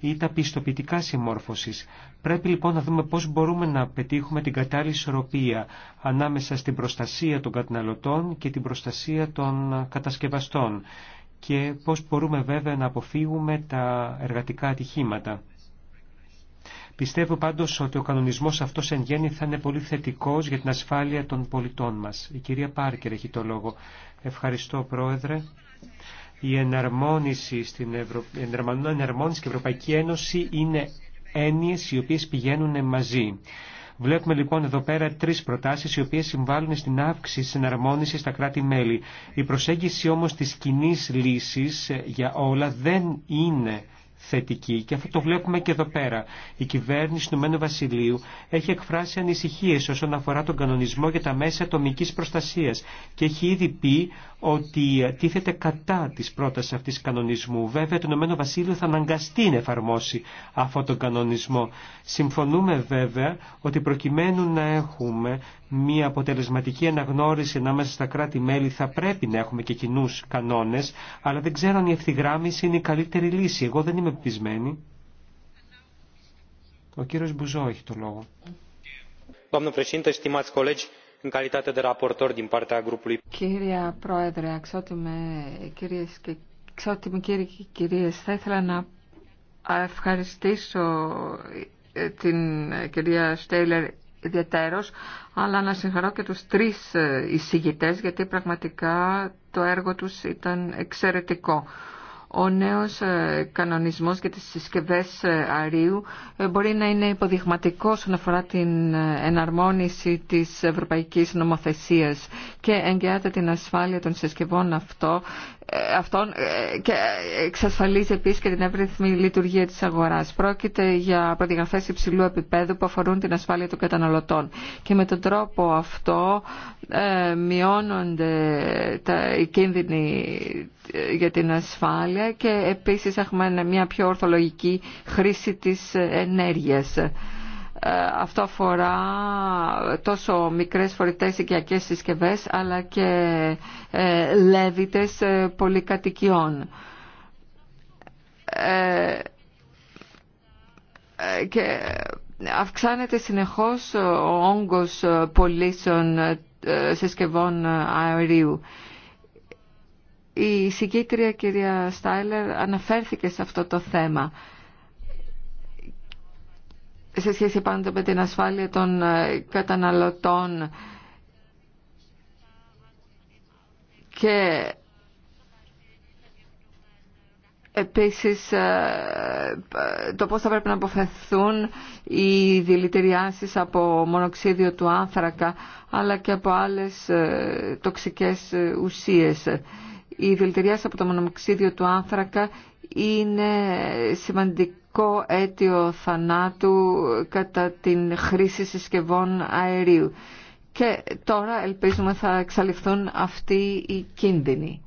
ή τα πιστοποιητικά συμμόρφωσης. Πρέπει λοιπόν να δούμε πώς μπορούμε να πετύχουμε την κατάλληλη ισορροπία ανάμεσα στην προστασία των καταναλωτών και την προστασία των κατασκευαστών και πώς μπορούμε βέβαια να αποφύγουμε τα εργατικά ατυχήματα. Πιστεύω πάντως ότι ο κανονισμός αυτός εν γέννη θα είναι πολύ θετικός για την ασφάλεια των πολιτών μας. Η κυρία Πάρκερ έχει το λόγο. Ευχαριστώ Πρόεδρε. Η εναρμόνιση, στην Ευρω... εναρμόνιση και η Ευρωπαϊκή Ένωση είναι έννοιες οι οποίες πηγαίνουν μαζί. Βλέπουμε λοιπόν εδώ πέρα τρει προτάσει οι οποίε συμβάλλουν στην αύξηση τη εναρμόνιση στα κράτη-μέλη. Η προσέγγιση όμω τη κοινή λύση ε, για όλα δεν είναι θετική και αυτό το βλέπουμε και εδώ πέρα. Η κυβέρνηση του Μένου Βασιλείου έχει εκφράσει ανησυχίες όσον αφορά τον κανονισμό για τα μέσα ατομικής προστασίας και έχει ήδη πει ότι τίθεται κατά της πρότασης αυτής κανονισμού. Βέβαια το Ηνωμένο Βασίλειο θα αναγκαστεί να εφαρμόσει αυτόν τον κανονισμό. Συμφωνούμε βέβαια ότι προκειμένου να έχουμε μια αποτελεσματική αναγνώριση ανάμεσα στα κράτη-μέλη θα πρέπει να έχουμε και κοινού κανόνες, αλλά δεν ξέρω αν η ευθυγράμμιση είναι η καλύτερη λύση. Εγώ δεν είμαι ο κύριος Μπουζό έχει το λόγο. Κύρια Πρόεδρε, αξιότιμε κυρίες και αξιότιμοι κύριοι και κυρίες, θα ήθελα να ευχαριστήσω ε, την ε, κυρία Στέιλερ ιδιαίτερος, αλλά να συγχαρώ και τους τρεις ε, εισηγητές, γιατί πραγματικά το έργο τους ήταν εξαιρετικό ο νέος ε, κανονισμός για τις συσκευές ε, αρίου ε, μπορεί να είναι υποδειγματικό όσον αφορά την εναρμόνιση της ευρωπαϊκής νομοθεσίας και εγκαιάται την ασφάλεια των συσκευών αυτό ε, αυτό ε, και εξασφαλίζει επίσης και την εύρυθμη λειτουργία της αγοράς. Πρόκειται για προδιαγραφές υψηλού επίπεδου που αφορούν την ασφάλεια των καταναλωτών και με τον τρόπο αυτό ε, μειώνονται τα, οι κίνδυνοι για την ασφάλεια και επίσης έχουμε μια πιο ορθολογική χρήση της ενέργειας. Ε, αυτό αφορά τόσο μικρές φορητές οικιακές συσκευές αλλά και ε, λέβητες ε, πολυκατοικιών. Και αυξάνεται συνεχώς ο όγκος πωλήσεων συσκευών αερίου. Η συγκήτρια κυρία Στάιλερ αναφέρθηκε σε αυτό το θέμα σε σχέση πάντα με την ασφάλεια των ε, καταναλωτών και Επίσης, ε, το πώς θα πρέπει να αποφευθούν οι δηλητηριάσεις από μονοξίδιο του άνθρακα, αλλά και από άλλες ε, τοξικές ουσίες. Οι δηλητηριάσεις από το μονοξίδιο του άνθρακα είναι σημαντικό αίτιο θανάτου κατά την χρήση συσκευών αερίου. Και τώρα ελπίζουμε θα εξαλειφθούν αυτοί οι κίνδυνοι.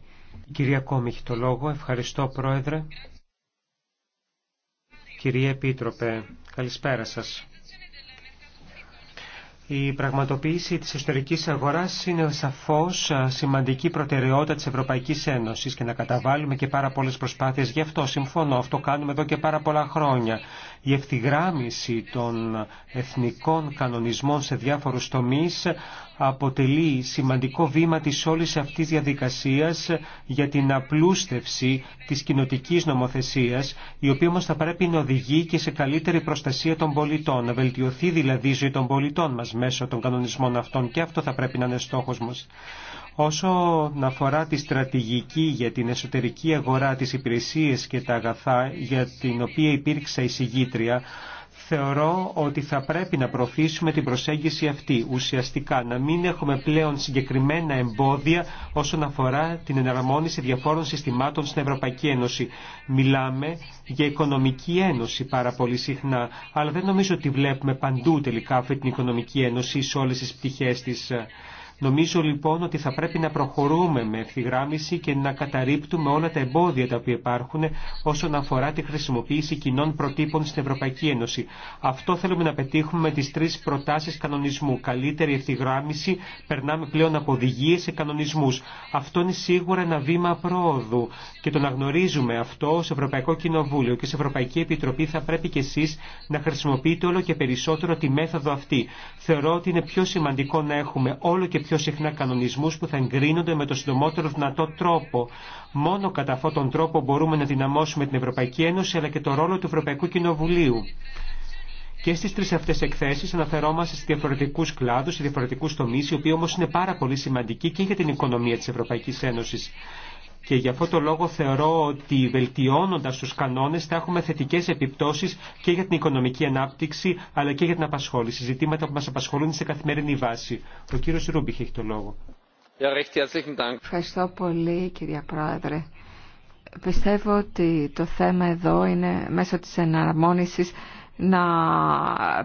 Κυρία Κόμη, έχει το λόγο. Ευχαριστώ, Πρόεδρε. Κυρία Επίτροπε, καλησπέρα σας. Η πραγματοποίηση της ιστορικής αγοράς είναι σαφώς σημαντική προτεραιότητα της Ευρωπαϊκής Ένωσης και να καταβάλουμε και πάρα πολλές προσπάθειες. Γι' αυτό συμφωνώ, αυτό κάνουμε εδώ και πάρα πολλά χρόνια. Η ευθυγράμμιση των εθνικών κανονισμών σε διάφορους τομείς αποτελεί σημαντικό βήμα της όλης αυτής διαδικασίας για την απλούστευση της κοινοτικής νομοθεσίας, η οποία όμως θα πρέπει να οδηγεί και σε καλύτερη προστασία των πολιτών, να βελτιωθεί δηλαδή η ζωή των πολιτών μας μέσω των κανονισμών αυτών και αυτό θα πρέπει να είναι στόχος μας. Όσο αφορά τη στρατηγική για την εσωτερική αγορά της υπηρεσίες και τα αγαθά για την οποία υπήρξα εισηγήτρια, θεωρώ ότι θα πρέπει να προωθήσουμε την προσέγγιση αυτή ουσιαστικά, να μην έχουμε πλέον συγκεκριμένα εμπόδια όσον αφορά την εναρμόνιση διαφόρων συστημάτων στην Ευρωπαϊκή Ένωση. Μιλάμε για οικονομική ένωση πάρα πολύ συχνά, αλλά δεν νομίζω ότι βλέπουμε παντού τελικά αυτή την οικονομική ένωση σε όλες τις πτυχές της. Νομίζω λοιπόν ότι θα πρέπει να προχωρούμε με ευθυγράμμιση και να καταρρύπτουμε όλα τα εμπόδια τα οποία υπάρχουν όσον αφορά τη χρησιμοποίηση κοινών προτύπων στην Ευρωπαϊκή Ένωση. Αυτό θέλουμε να πετύχουμε με τι τρει προτάσει κανονισμού. Καλύτερη ευθυγράμμιση, περνάμε πλέον από οδηγίε σε κανονισμού. Αυτό είναι σίγουρα ένα βήμα πρόοδου και το να γνωρίζουμε αυτό σε Ευρωπαϊκό Κοινοβούλιο και σε Ευρωπαϊκή Επιτροπή θα πρέπει και εσεί να χρησιμοποιείτε όλο και περισσότερο τη μέθοδο αυτή. Θεωρώ ότι είναι πιο σημαντικό να έχουμε όλο και πιο συχνά κανονισμούς που θα εγκρίνονται με το συντομότερο δυνατό τρόπο. Μόνο κατά αυτόν τον τρόπο μπορούμε να δυναμώσουμε την Ευρωπαϊκή Ένωση αλλά και το ρόλο του Ευρωπαϊκού Κοινοβουλίου. Και στι τρει αυτέ εκθέσει αναφερόμαστε σε διαφορετικού κλάδου, σε διαφορετικού τομεί, οι οποίοι όμω είναι πάρα πολύ σημαντικοί και για την οικονομία τη Ευρωπαϊκή Ένωση και γι' αυτό το λόγο θεωρώ ότι βελτιώνοντας τους κανόνες θα έχουμε θετικές επιπτώσεις και για την οικονομική ανάπτυξη αλλά και για την απασχόληση, ζητήματα που μας απασχολούν σε καθημερινή βάση. Ο κύριος Ρούμπιχ έχει το λόγο. Ευχαριστώ πολύ κυρία Πρόεδρε. Πιστεύω ότι το θέμα εδώ είναι μέσω της εναρμόνισης να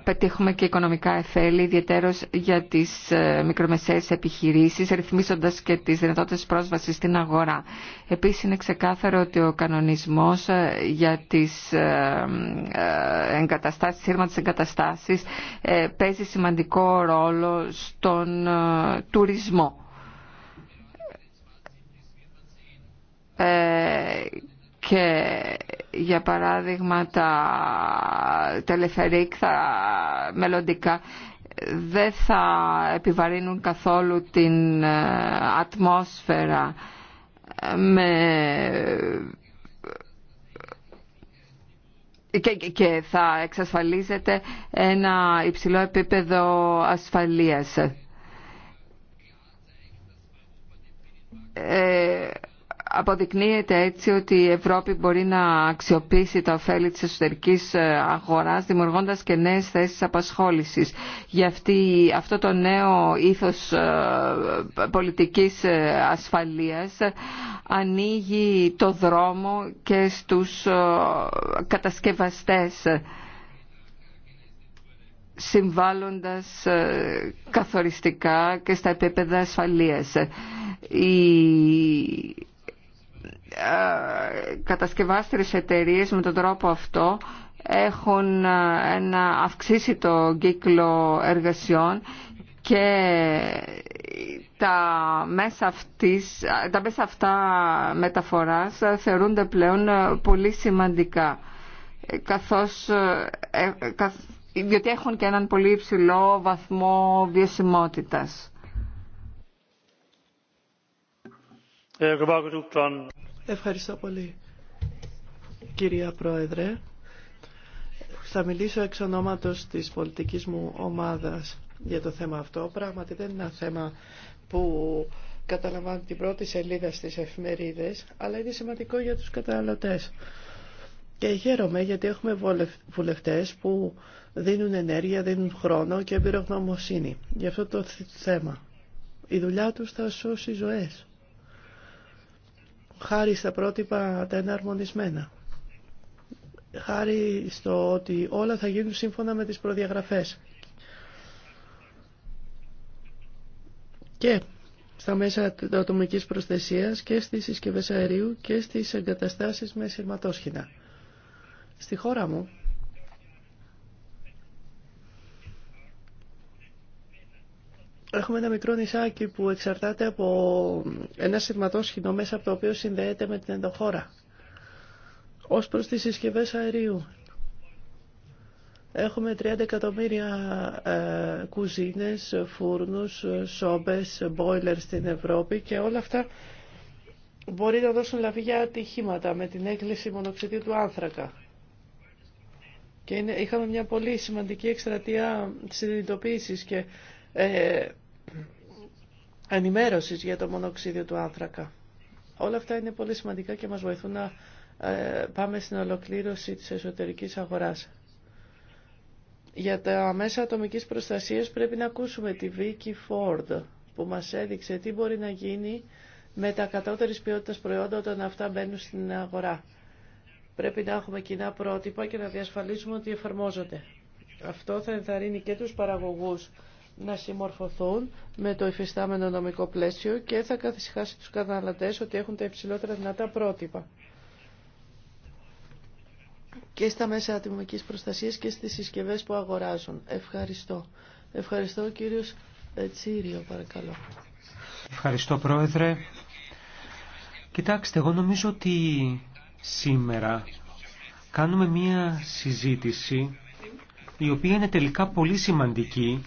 πετύχουμε και οικονομικά εφέλη, ιδιαίτερως για τις ε, μικρομεσαίες επιχειρήσεις, ρυθμίζοντα και τι δυνατότητε πρόσβασης στην αγορά. Επίσης είναι ξεκάθαρο ότι ο κανονισμός ε, για τις ε, εγκαταστάσεις, εγκαταστάσεις, παίζει σημαντικό ρόλο στον τουρισμό. και για παράδειγμα τα τελεφερίκ μελλοντικά δεν θα επιβαρύνουν καθόλου την ε, ατμόσφαιρα με και, θα εξασφαλίζεται ένα υψηλό επίπεδο ασφαλείας. Ε, Αποδεικνύεται έτσι ότι η Ευρώπη μπορεί να αξιοποιήσει τα ωφέλη της εσωτερικής ε, αγοράς δημιουργώντας και νέες θέσεις απασχόλησης. Για αυτό το νέο ήθος ε, πολιτικής ε, ασφαλείας ανοίγει το δρόμο και στους κατασκευαστές συμβάλλοντας καθοριστικά και στα επίπεδα ασφαλείας. Η ε, κατασκευάστερες εταιρείες με τον τρόπο αυτό έχουν ένα ε, αυξήσει το κύκλο εργασιών και τα μέσα, αυτής, τα μέσα αυτά μεταφοράς θεωρούνται πλέον πολύ σημαντικά καθώς, ε, διότι έχουν και έναν πολύ υψηλό βαθμό βιωσιμότητας. Ευχαριστώ πολύ, κυρία Πρόεδρε. Θα μιλήσω εξ ονόματος της πολιτικής μου ομάδας για το θέμα αυτό. Πράγματι δεν είναι ένα θέμα που καταλαμβάνει την πρώτη σελίδα στις εφημερίδες, αλλά είναι σημαντικό για τους καταναλωτές. Και χαίρομαι γιατί έχουμε βουλευτές που δίνουν ενέργεια, δίνουν χρόνο και εμπειρογνωμοσύνη για αυτό το θέμα. Η δουλειά τους θα σώσει ζωές χάρη στα πρότυπα τα εναρμονισμένα. Χάρη στο ότι όλα θα γίνουν σύμφωνα με τις προδιαγραφές. Και στα μέσα ατομικής προστασίας και στις συσκευές αερίου και στις εγκαταστάσεις με σειρματόσχηνα. Στη χώρα μου Έχουμε ένα μικρό νησάκι που εξαρτάται από ένα σειρματόσχηνο μέσα από το οποίο συνδέεται με την ενδοχώρα. Ως προς τις συσκευές αερίου. Έχουμε 30 εκατομμύρια ε, κουζίνες, φούρνους, σόμπες, μπόιλερ στην Ευρώπη και όλα αυτά μπορεί να δώσουν λαβή για ατυχήματα με την έκκληση μονοξυδίου του άνθρακα. Και είχαμε μια πολύ σημαντική εκστρατεία συνειδητοποίησης και ε, ενημέρωσης για το μονοξίδιο του άνθρακα. Όλα αυτά είναι πολύ σημαντικά και μας βοηθούν να ε, πάμε στην ολοκλήρωση της εσωτερικής αγοράς. Για τα μέσα ατομικής προστασίας πρέπει να ακούσουμε τη βίκη Ford που μας έδειξε τι μπορεί να γίνει με τα κατώτερης ποιότητας προϊόντα όταν αυτά μπαίνουν στην αγορά. Πρέπει να έχουμε κοινά πρότυπα και να διασφαλίσουμε ότι εφαρμόζονται. Αυτό θα ενθαρρύνει και τους παραγωγούς να συμμορφωθούν με το υφιστάμενο νομικό πλαίσιο και θα καθησυχάσει τους καταναλωτές ότι έχουν τα υψηλότερα δυνατά πρότυπα και στα μέσα ατομικής προστασίας και στις συσκευές που αγοράζουν. Ευχαριστώ. Ευχαριστώ κύριος ε, Τσίριο παρακαλώ. Ευχαριστώ πρόεδρε. Κοιτάξτε, εγώ νομίζω ότι σήμερα κάνουμε μία συζήτηση η οποία είναι τελικά πολύ σημαντική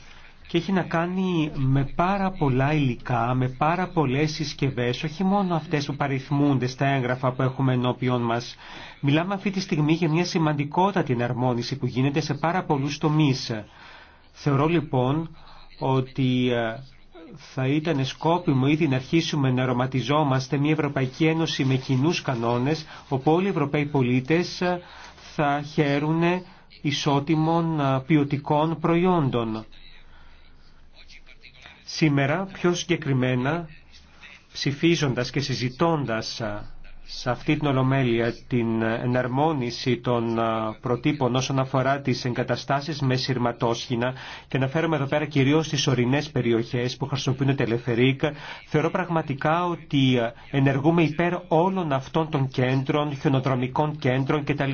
και έχει να κάνει με πάρα πολλά υλικά, με πάρα πολλές συσκευές, όχι μόνο αυτές που παριθμούνται στα έγγραφα που έχουμε ενώπιον μας. Μιλάμε αυτή τη στιγμή για μια σημαντικότατη εναρμόνιση που γίνεται σε πάρα πολλούς τομείς. Θεωρώ λοιπόν ότι ε, θα ήταν σκόπιμο ήδη να αρχίσουμε να ρωματιζόμαστε μια Ευρωπαϊκή Ένωση με κοινού κανόνες, όπου όλοι οι Ευρωπαίοι πολίτες ε, θα χαίρουν ισότιμων ε, ποιοτικών προϊόντων. Σήμερα, πιο συγκεκριμένα, ψηφίζοντας και συζητώντας σε αυτή την ολομέλεια την εναρμόνιση των προτύπων όσον αφορά τις εγκαταστάσεις με σειρματόσχηνα και να φέρουμε εδώ πέρα κυρίως τις ορεινές περιοχές που χρησιμοποιούν τελεφερίκ θεωρώ πραγματικά ότι ενεργούμε υπέρ όλων αυτών των κέντρων, χιονοδρομικών κέντρων κτλ.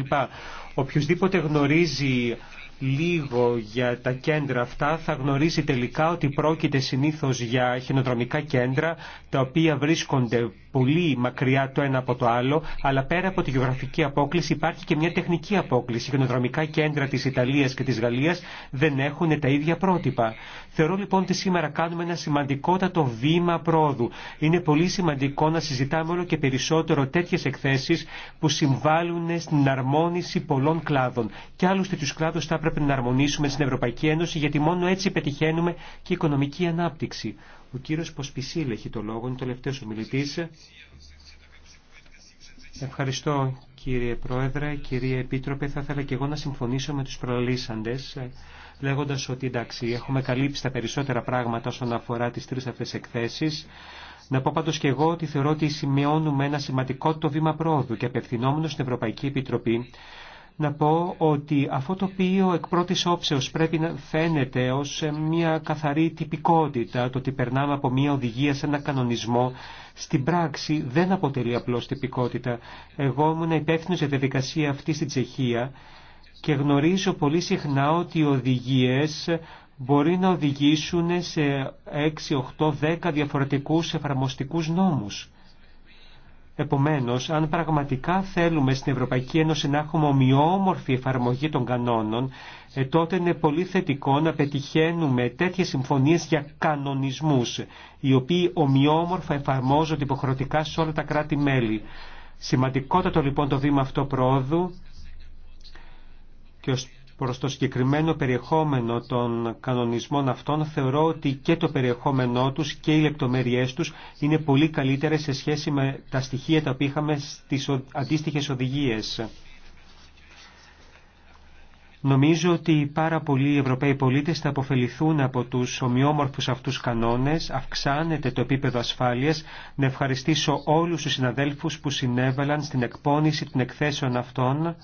Οποιουσδήποτε γνωρίζει λίγο για τα κέντρα αυτά θα γνωρίζει τελικά ότι πρόκειται συνήθως για χινοδρομικά κέντρα τα οποία βρίσκονται πολύ μακριά το ένα από το άλλο αλλά πέρα από τη γεωγραφική απόκληση υπάρχει και μια τεχνική απόκληση. Οι κέντρα της Ιταλίας και της Γαλλίας δεν έχουν τα ίδια πρότυπα. Θεωρώ λοιπόν ότι σήμερα κάνουμε ένα σημαντικότατο βήμα πρόοδου. Είναι πολύ σημαντικό να συζητάμε όλο και περισσότερο τέτοιες εκθέσεις που συμβάλλουν στην αρμόνιση πολλών κλάδων και άλλωστε τους κλάδους θα πρέπει να αρμονίσουμε στην Ευρωπαϊκή Ένωση, γιατί μόνο έτσι πετυχαίνουμε και οικονομική ανάπτυξη. Ο κύριος Ποσπισίλ έχει το λόγο, είναι το τελευταίο ομιλητή. Ευχαριστώ κύριε Πρόεδρε, κύριε Επίτροπε. Θα ήθελα και εγώ να συμφωνήσω με τους προλύσαντες, λέγοντας ότι εντάξει, έχουμε καλύψει τα περισσότερα πράγματα όσον αφορά τις τρεις αυτές εκθέσεις. Να πω πάντως και εγώ ότι θεωρώ ότι σημειώνουμε ένα σημαντικό το βήμα πρόοδου και απευθυνόμενο στην Ευρωπαϊκή Επιτροπή να πω ότι αυτό το οποίο εκ πρώτης όψεως πρέπει να φαίνεται ως μια καθαρή τυπικότητα, το ότι περνάμε από μια οδηγία σε ένα κανονισμό, στην πράξη δεν αποτελεί απλώς τυπικότητα. Εγώ ήμουν υπεύθυνο για τη δικασία αυτή στην Τσεχία και γνωρίζω πολύ συχνά ότι οι οδηγίες μπορεί να οδηγήσουν σε 6, 8, 10 διαφορετικούς εφαρμοστικούς νόμους. Επομένως, αν πραγματικά θέλουμε στην Ευρωπαϊκή Ένωση να έχουμε ομοιόμορφη εφαρμογή των κανόνων, ε, τότε είναι πολύ θετικό να πετυχαίνουμε τέτοιες συμφωνίες για κανονισμούς, οι οποίοι ομοιόμορφα εφαρμόζονται υποχρεωτικά σε όλα τα κράτη-μέλη. Σημαντικότατο λοιπόν το βήμα αυτό προόδου Προς το συγκεκριμένο περιεχόμενο των κανονισμών αυτών θεωρώ ότι και το περιεχόμενό τους και οι λεπτομέρειές τους είναι πολύ καλύτερες σε σχέση με τα στοιχεία τα οποία είχαμε στις αντίστοιχες οδηγίες. Νομίζω ότι πάρα πολλοί Ευρωπαίοι πολίτες θα αποφεληθούν από τους ομοιόμορφους αυτούς κανόνες, αυξάνεται το επίπεδο ασφάλειας, να ευχαριστήσω όλους τους συναδέλφους που συνέβαλαν στην εκπόνηση των εκθέσεων αυτών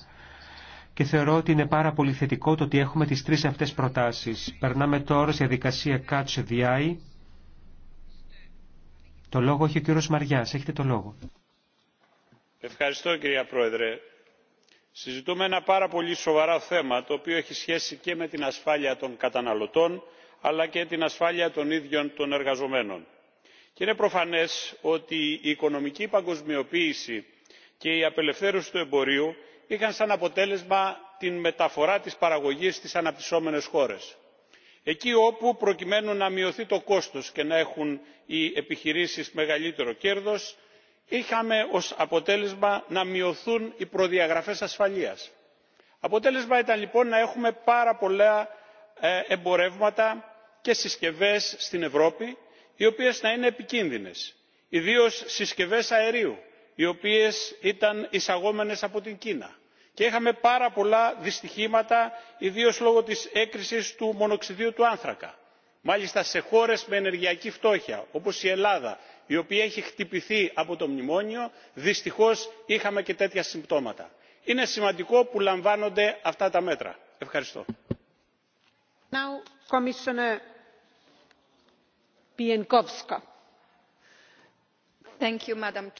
και θεωρώ ότι είναι πάρα πολύ θετικό το ότι έχουμε τις τρεις αυτές προτάσεις. Περνάμε τώρα σε διαδικασία Catch the Eye. Το λόγο έχει ο κύριος Μαριάς. Έχετε το λόγο. Ευχαριστώ κυρία Πρόεδρε. Συζητούμε ένα πάρα πολύ σοβαρά θέμα το οποίο έχει σχέση και με την ασφάλεια των καταναλωτών αλλά και την ασφάλεια των ίδιων των εργαζομένων. Και είναι προφανές ότι η οικονομική παγκοσμιοποίηση και η απελευθέρωση του εμπορίου είχαν σαν αποτέλεσμα την μεταφορά της παραγωγής στις αναπτυσσόμενες χώρες εκεί όπου προκειμένου να μειωθεί το κόστος και να έχουν οι επιχειρήσεις μεγαλύτερο κέρδος είχαμε ως αποτέλεσμα να μειωθούν οι προδιαγραφές ασφαλείας. αποτέλεσμα ήταν λοιπόν να έχουμε πάρα πολλά ε, εμπορεύματα και συσκευές στην ευρώπη οι οποίες να είναι επικίνδυνες ιδίως συσκευές αερίου οι οποίες ήταν εισαγόμενες από την κίνα και είχαμε πάρα πολλά δυστυχήματα ιδίως λόγω της έκρησης του μονοξιδίου του άνθρακα μάλιστα σε χώρες με ενεργειακή φτώχεια όπως η ελλάδα η οποία έχει χτυπηθεί από το μνημόνιο δυστυχώς είχαμε και τέτοια συμπτώματα. είναι σημαντικό που λαμβάνονται αυτά τα μέτρα. ευχαριστώ. Now,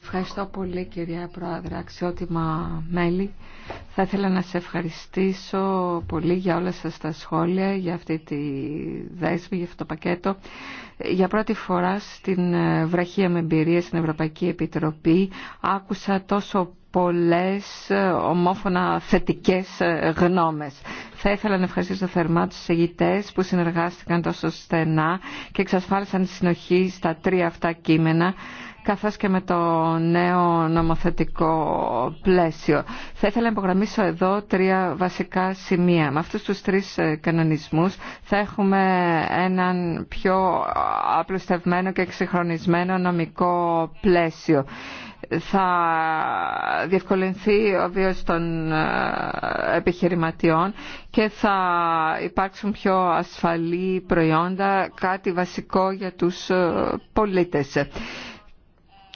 Ευχαριστώ πολύ κυρία Πρόεδρε, αξιότιμα μέλη. Θα ήθελα να σε ευχαριστήσω πολύ για όλα σας τα σχόλια, για αυτή τη δέσμη, για αυτό το πακέτο. Για πρώτη φορά στην ε, βραχία με εμπειρία στην Ευρωπαϊκή Επιτροπή άκουσα τόσο πολλές ε, ομόφωνα θετικές ε, γνώμες. Θα ήθελα να ευχαριστήσω θερμά τους εγητές που συνεργάστηκαν τόσο στενά και εξασφάλισαν συνοχή στα τρία αυτά κείμενα καθώς και με το νέο νομοθετικό πλαίσιο. Θα ήθελα να υπογραμμίσω εδώ τρία βασικά σημεία. Με αυτούς τους τρεις ε, κανονισμούς θα έχουμε έναν πιο απλουστευμένο και εξυγχρονισμένο νομικό πλαίσιο θα διευκολυνθεί ο βίος των ε, επιχειρηματιών και θα υπάρξουν πιο ασφαλή προϊόντα, κάτι βασικό για τους ε, πολίτες.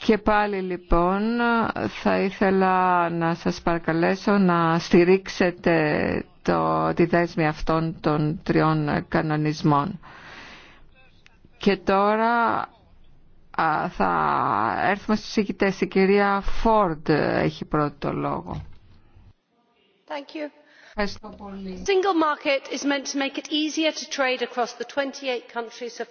Και πάλι λοιπόν θα ήθελα να σας παρακαλέσω να στηρίξετε το, τη δέσμη αυτών των τριών κανονισμών. Και τώρα θα έρθουμε στους ηγητές. Η κυρία Φόρντ έχει πρώτο λόγο. Thank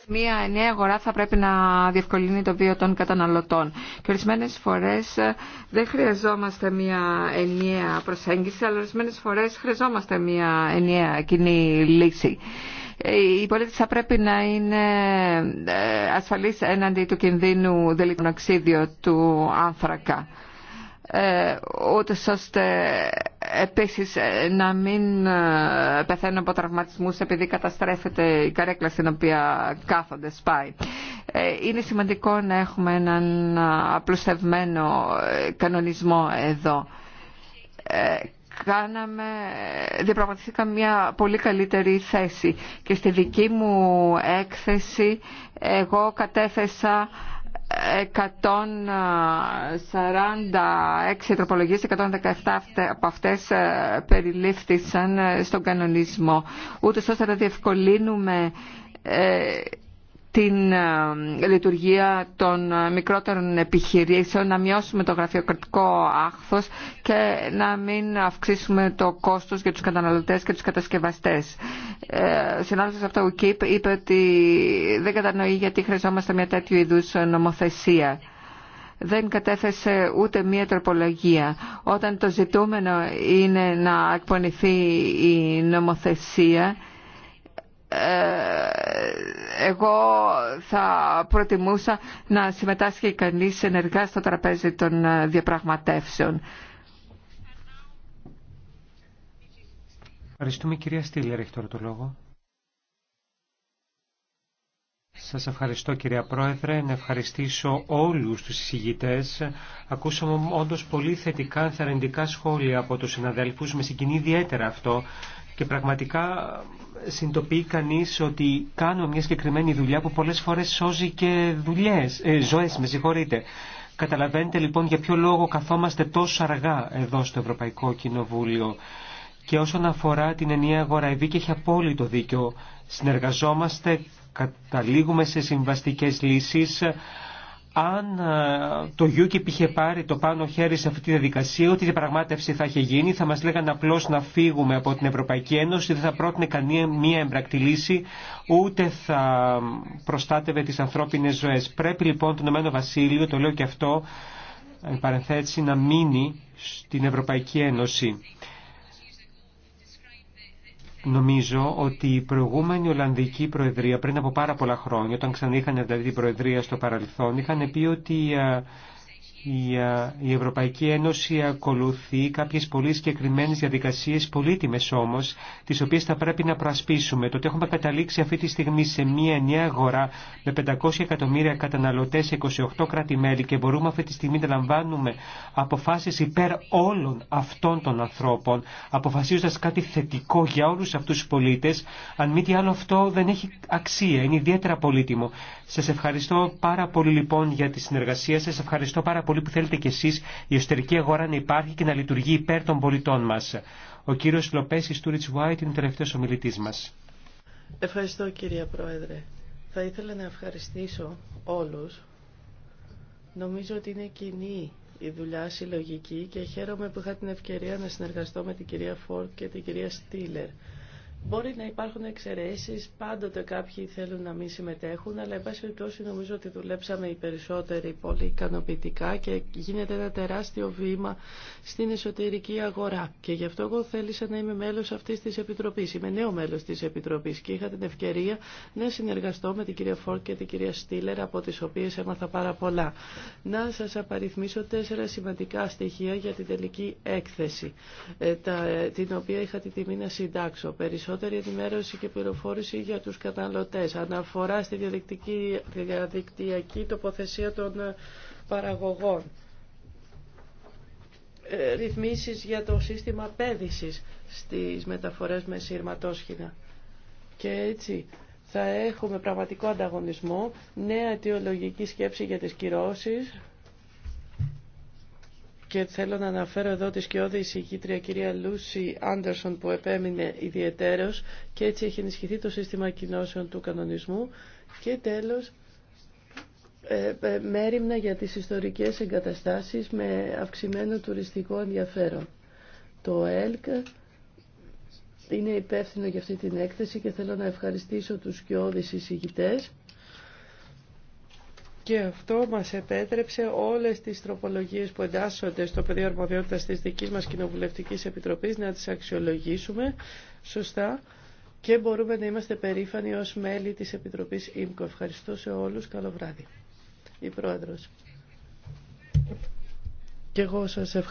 Μία ενιαία αγορά θα πρέπει να διευκολύνει το βίο των καταναλωτών. Και ορισμένε φορέ ε, δεν χρειαζόμαστε μία ενιαία προσέγγιση, αλλά ορισμένε φορέ χρειαζόμαστε μία ενιαία κοινή λύση. Ε, οι πολιτε θα πρέπει να είναι ε, ασφαλεί έναντι του κινδύνου αξίδιου του άνθρακα. Ε, ούτως ώστε επίσης ε, να μην ε, πεθαίνουν από τραυματισμούς επειδή καταστρέφεται η καρέκλα στην οποία κάθονται, σπάει. Είναι σημαντικό να έχουμε έναν απλουστευμένο κανονισμό εδώ. Κάναμε, μια πολύ καλύτερη θέση και στη δική μου έκθεση εγώ κατέθεσα 146 τροπολογίες, 117 από αυτές ε, περιλήφθησαν ε, στον κανονισμό, ούτως ώστε να διευκολύνουμε ε, την ε, λειτουργία των ε, μικρότερων επιχειρήσεων, να μειώσουμε το γραφειοκρατικό άχθος και να μην αυξήσουμε το κόστος για τους καταναλωτές και τους κατασκευαστές. Ε, συνάδελφος αυτό ο ΚΙΠ είπε ότι δεν κατανοεί γιατί χρειαζόμαστε μια τέτοιου είδους νομοθεσία δεν κατέθεσε ούτε μία τροπολογία. Όταν το ζητούμενο είναι να εκπονηθεί η νομοθεσία, ε, εγώ θα προτιμούσα να συμμετάσχει κανείς ενεργά στο τραπέζι των ε, διαπραγματεύσεων. Ευχαριστούμε κυρία Στήλερ, έχει τώρα το λόγο. Σας ευχαριστώ κυρία Πρόεδρε, να ευχαριστήσω όλους τους εισηγητές. Ακούσαμε όντως πολύ θετικά ενθαρρυντικά σχόλια από τους συναδέλφους, με συγκινεί ιδιαίτερα αυτό και πραγματικά συντοπεί κανείς ότι κάνουμε μια συγκεκριμένη δουλειά που πολλές φορές σώζει και δουλειές, ε, ζωές, με συγχωρείτε. Καταλαβαίνετε λοιπόν για ποιο λόγο καθόμαστε τόσο αργά εδώ στο Ευρωπαϊκό Κοινοβούλιο. Και όσον αφορά την ενιαία αγορά, η Βίκη έχει απόλυτο δίκιο. Συνεργαζόμαστε, καταλήγουμε σε συμβαστικές λύσεις, αν ε, το UKIP είχε πάρει το πάνω χέρι σε αυτή τη διαδικασία, ότι η διαπραγμάτευση θα είχε γίνει, θα μας λέγανε απλώς να φύγουμε από την Ευρωπαϊκή Ένωση, δεν θα πρότεινε κανένα μία εμπρακτή λύση, ούτε θα προστάτευε τις ανθρώπινες ζωές. Πρέπει λοιπόν το Ηνωμένο Βασίλειο, το λέω και αυτό, να μείνει στην Ευρωπαϊκή Ένωση. Νομίζω ότι η προηγούμενη Ολλανδική Προεδρία πριν από πάρα πολλά χρόνια, όταν ξανά είχαν δηλαδή την Προεδρία στο παρελθόν, είχαν πει ότι ε, η Ευρωπαϊκή Ένωση ακολουθεί κάποιες πολύ συγκεκριμένε διαδικασίες, πολύτιμες όμως, τις οποίες θα πρέπει να προασπίσουμε. Το ότι έχουμε καταλήξει αυτή τη στιγμή σε μια νέα αγορά με 500 εκατομμύρια καταναλωτές σε 28 κράτη-μέλη και μπορούμε αυτή τη στιγμή να λαμβάνουμε αποφάσεις υπέρ όλων αυτών των ανθρώπων, αποφασίζοντα κάτι θετικό για όλους αυτούς τους πολίτες, αν μη τι άλλο αυτό δεν έχει αξία, είναι ιδιαίτερα πολύτιμο. Σας ευχαριστώ πάρα πολύ λοιπόν για τη συνεργασία σας, ευχαριστώ πάρα πολύ πολύ που θέλετε κι εσείς η εσωτερική αγορά να υπάρχει και να λειτουργεί υπέρ των πολιτών μας. Ο κύριος Λοπές Ιστούριτς Βουάιτ είναι ο τελευταίος ομιλητής μας. Ευχαριστώ κύριε Πρόεδρε. Θα ήθελα να ευχαριστήσω όλους. Νομίζω ότι είναι κοινή η δουλειά συλλογική και χαίρομαι που είχα την ευκαιρία να συνεργαστώ με την κυρία Φόρτ και την κυρία Στήλερ. Μπορεί να υπάρχουν εξαιρέσει, πάντοτε κάποιοι θέλουν να μην συμμετέχουν, αλλά εν πάση περιπτώσει νομίζω ότι δουλέψαμε οι περισσότεροι πολύ ικανοποιητικά και γίνεται ένα τεράστιο βήμα στην εσωτερική αγορά. Και γι' αυτό εγώ θέλησα να είμαι μέλο αυτή τη Επιτροπή. Είμαι νέο μέλο τη Επιτροπή και είχα την ευκαιρία να συνεργαστώ με την κυρία Φόρτ και την κυρία Στήλερ, από τι οποίε έμαθα πάρα πολλά. Να σα απαριθμίσω τέσσερα σημαντικά στοιχεία για την τελική έκθεση, ε, ε, την οποία είχα τη τιμή να συντάξω. Περισσότερο περισσότερη ενημέρωση και πληροφόρηση για τους καταναλωτές. Αναφορά στη διαδικτυακή τοποθεσία των ε, παραγωγών. Ε, ρυθμίσεις για το σύστημα πέδησης στις μεταφορές με σύρματόσχηνα. Και έτσι θα έχουμε πραγματικό ανταγωνισμό, νέα αιτιολογική σκέψη για τις κυρώσεις, και θέλω να αναφέρω εδώ τη σκιώδη εισηγήτρια κυρία Λούση Άντερσον που επέμεινε ιδιαιτέρως και έτσι έχει ενισχυθεί το σύστημα κοινώσεων του κανονισμού και τέλος ε, ε, μέρημνα για τις ιστορικές εγκαταστάσεις με αυξημένο τουριστικό ενδιαφέρον. Το ΕΛΚ είναι υπεύθυνο για αυτή την έκθεση και θέλω να ευχαριστήσω τους σκιώδης εισηγητές και αυτό μας επέτρεψε όλες τις τροπολογίες που εντάσσονται στο πεδίο αρμοδιότητας της δικής μας Κοινοβουλευτικής Επιτροπής να τις αξιολογήσουμε σωστά και μπορούμε να είμαστε περήφανοι ως μέλη της Επιτροπής ΙΜΚΟ. Ευχαριστώ σε όλους. Καλό βράδυ. Η Πρόεδρος. Και εγώ σας ευχαριστώ.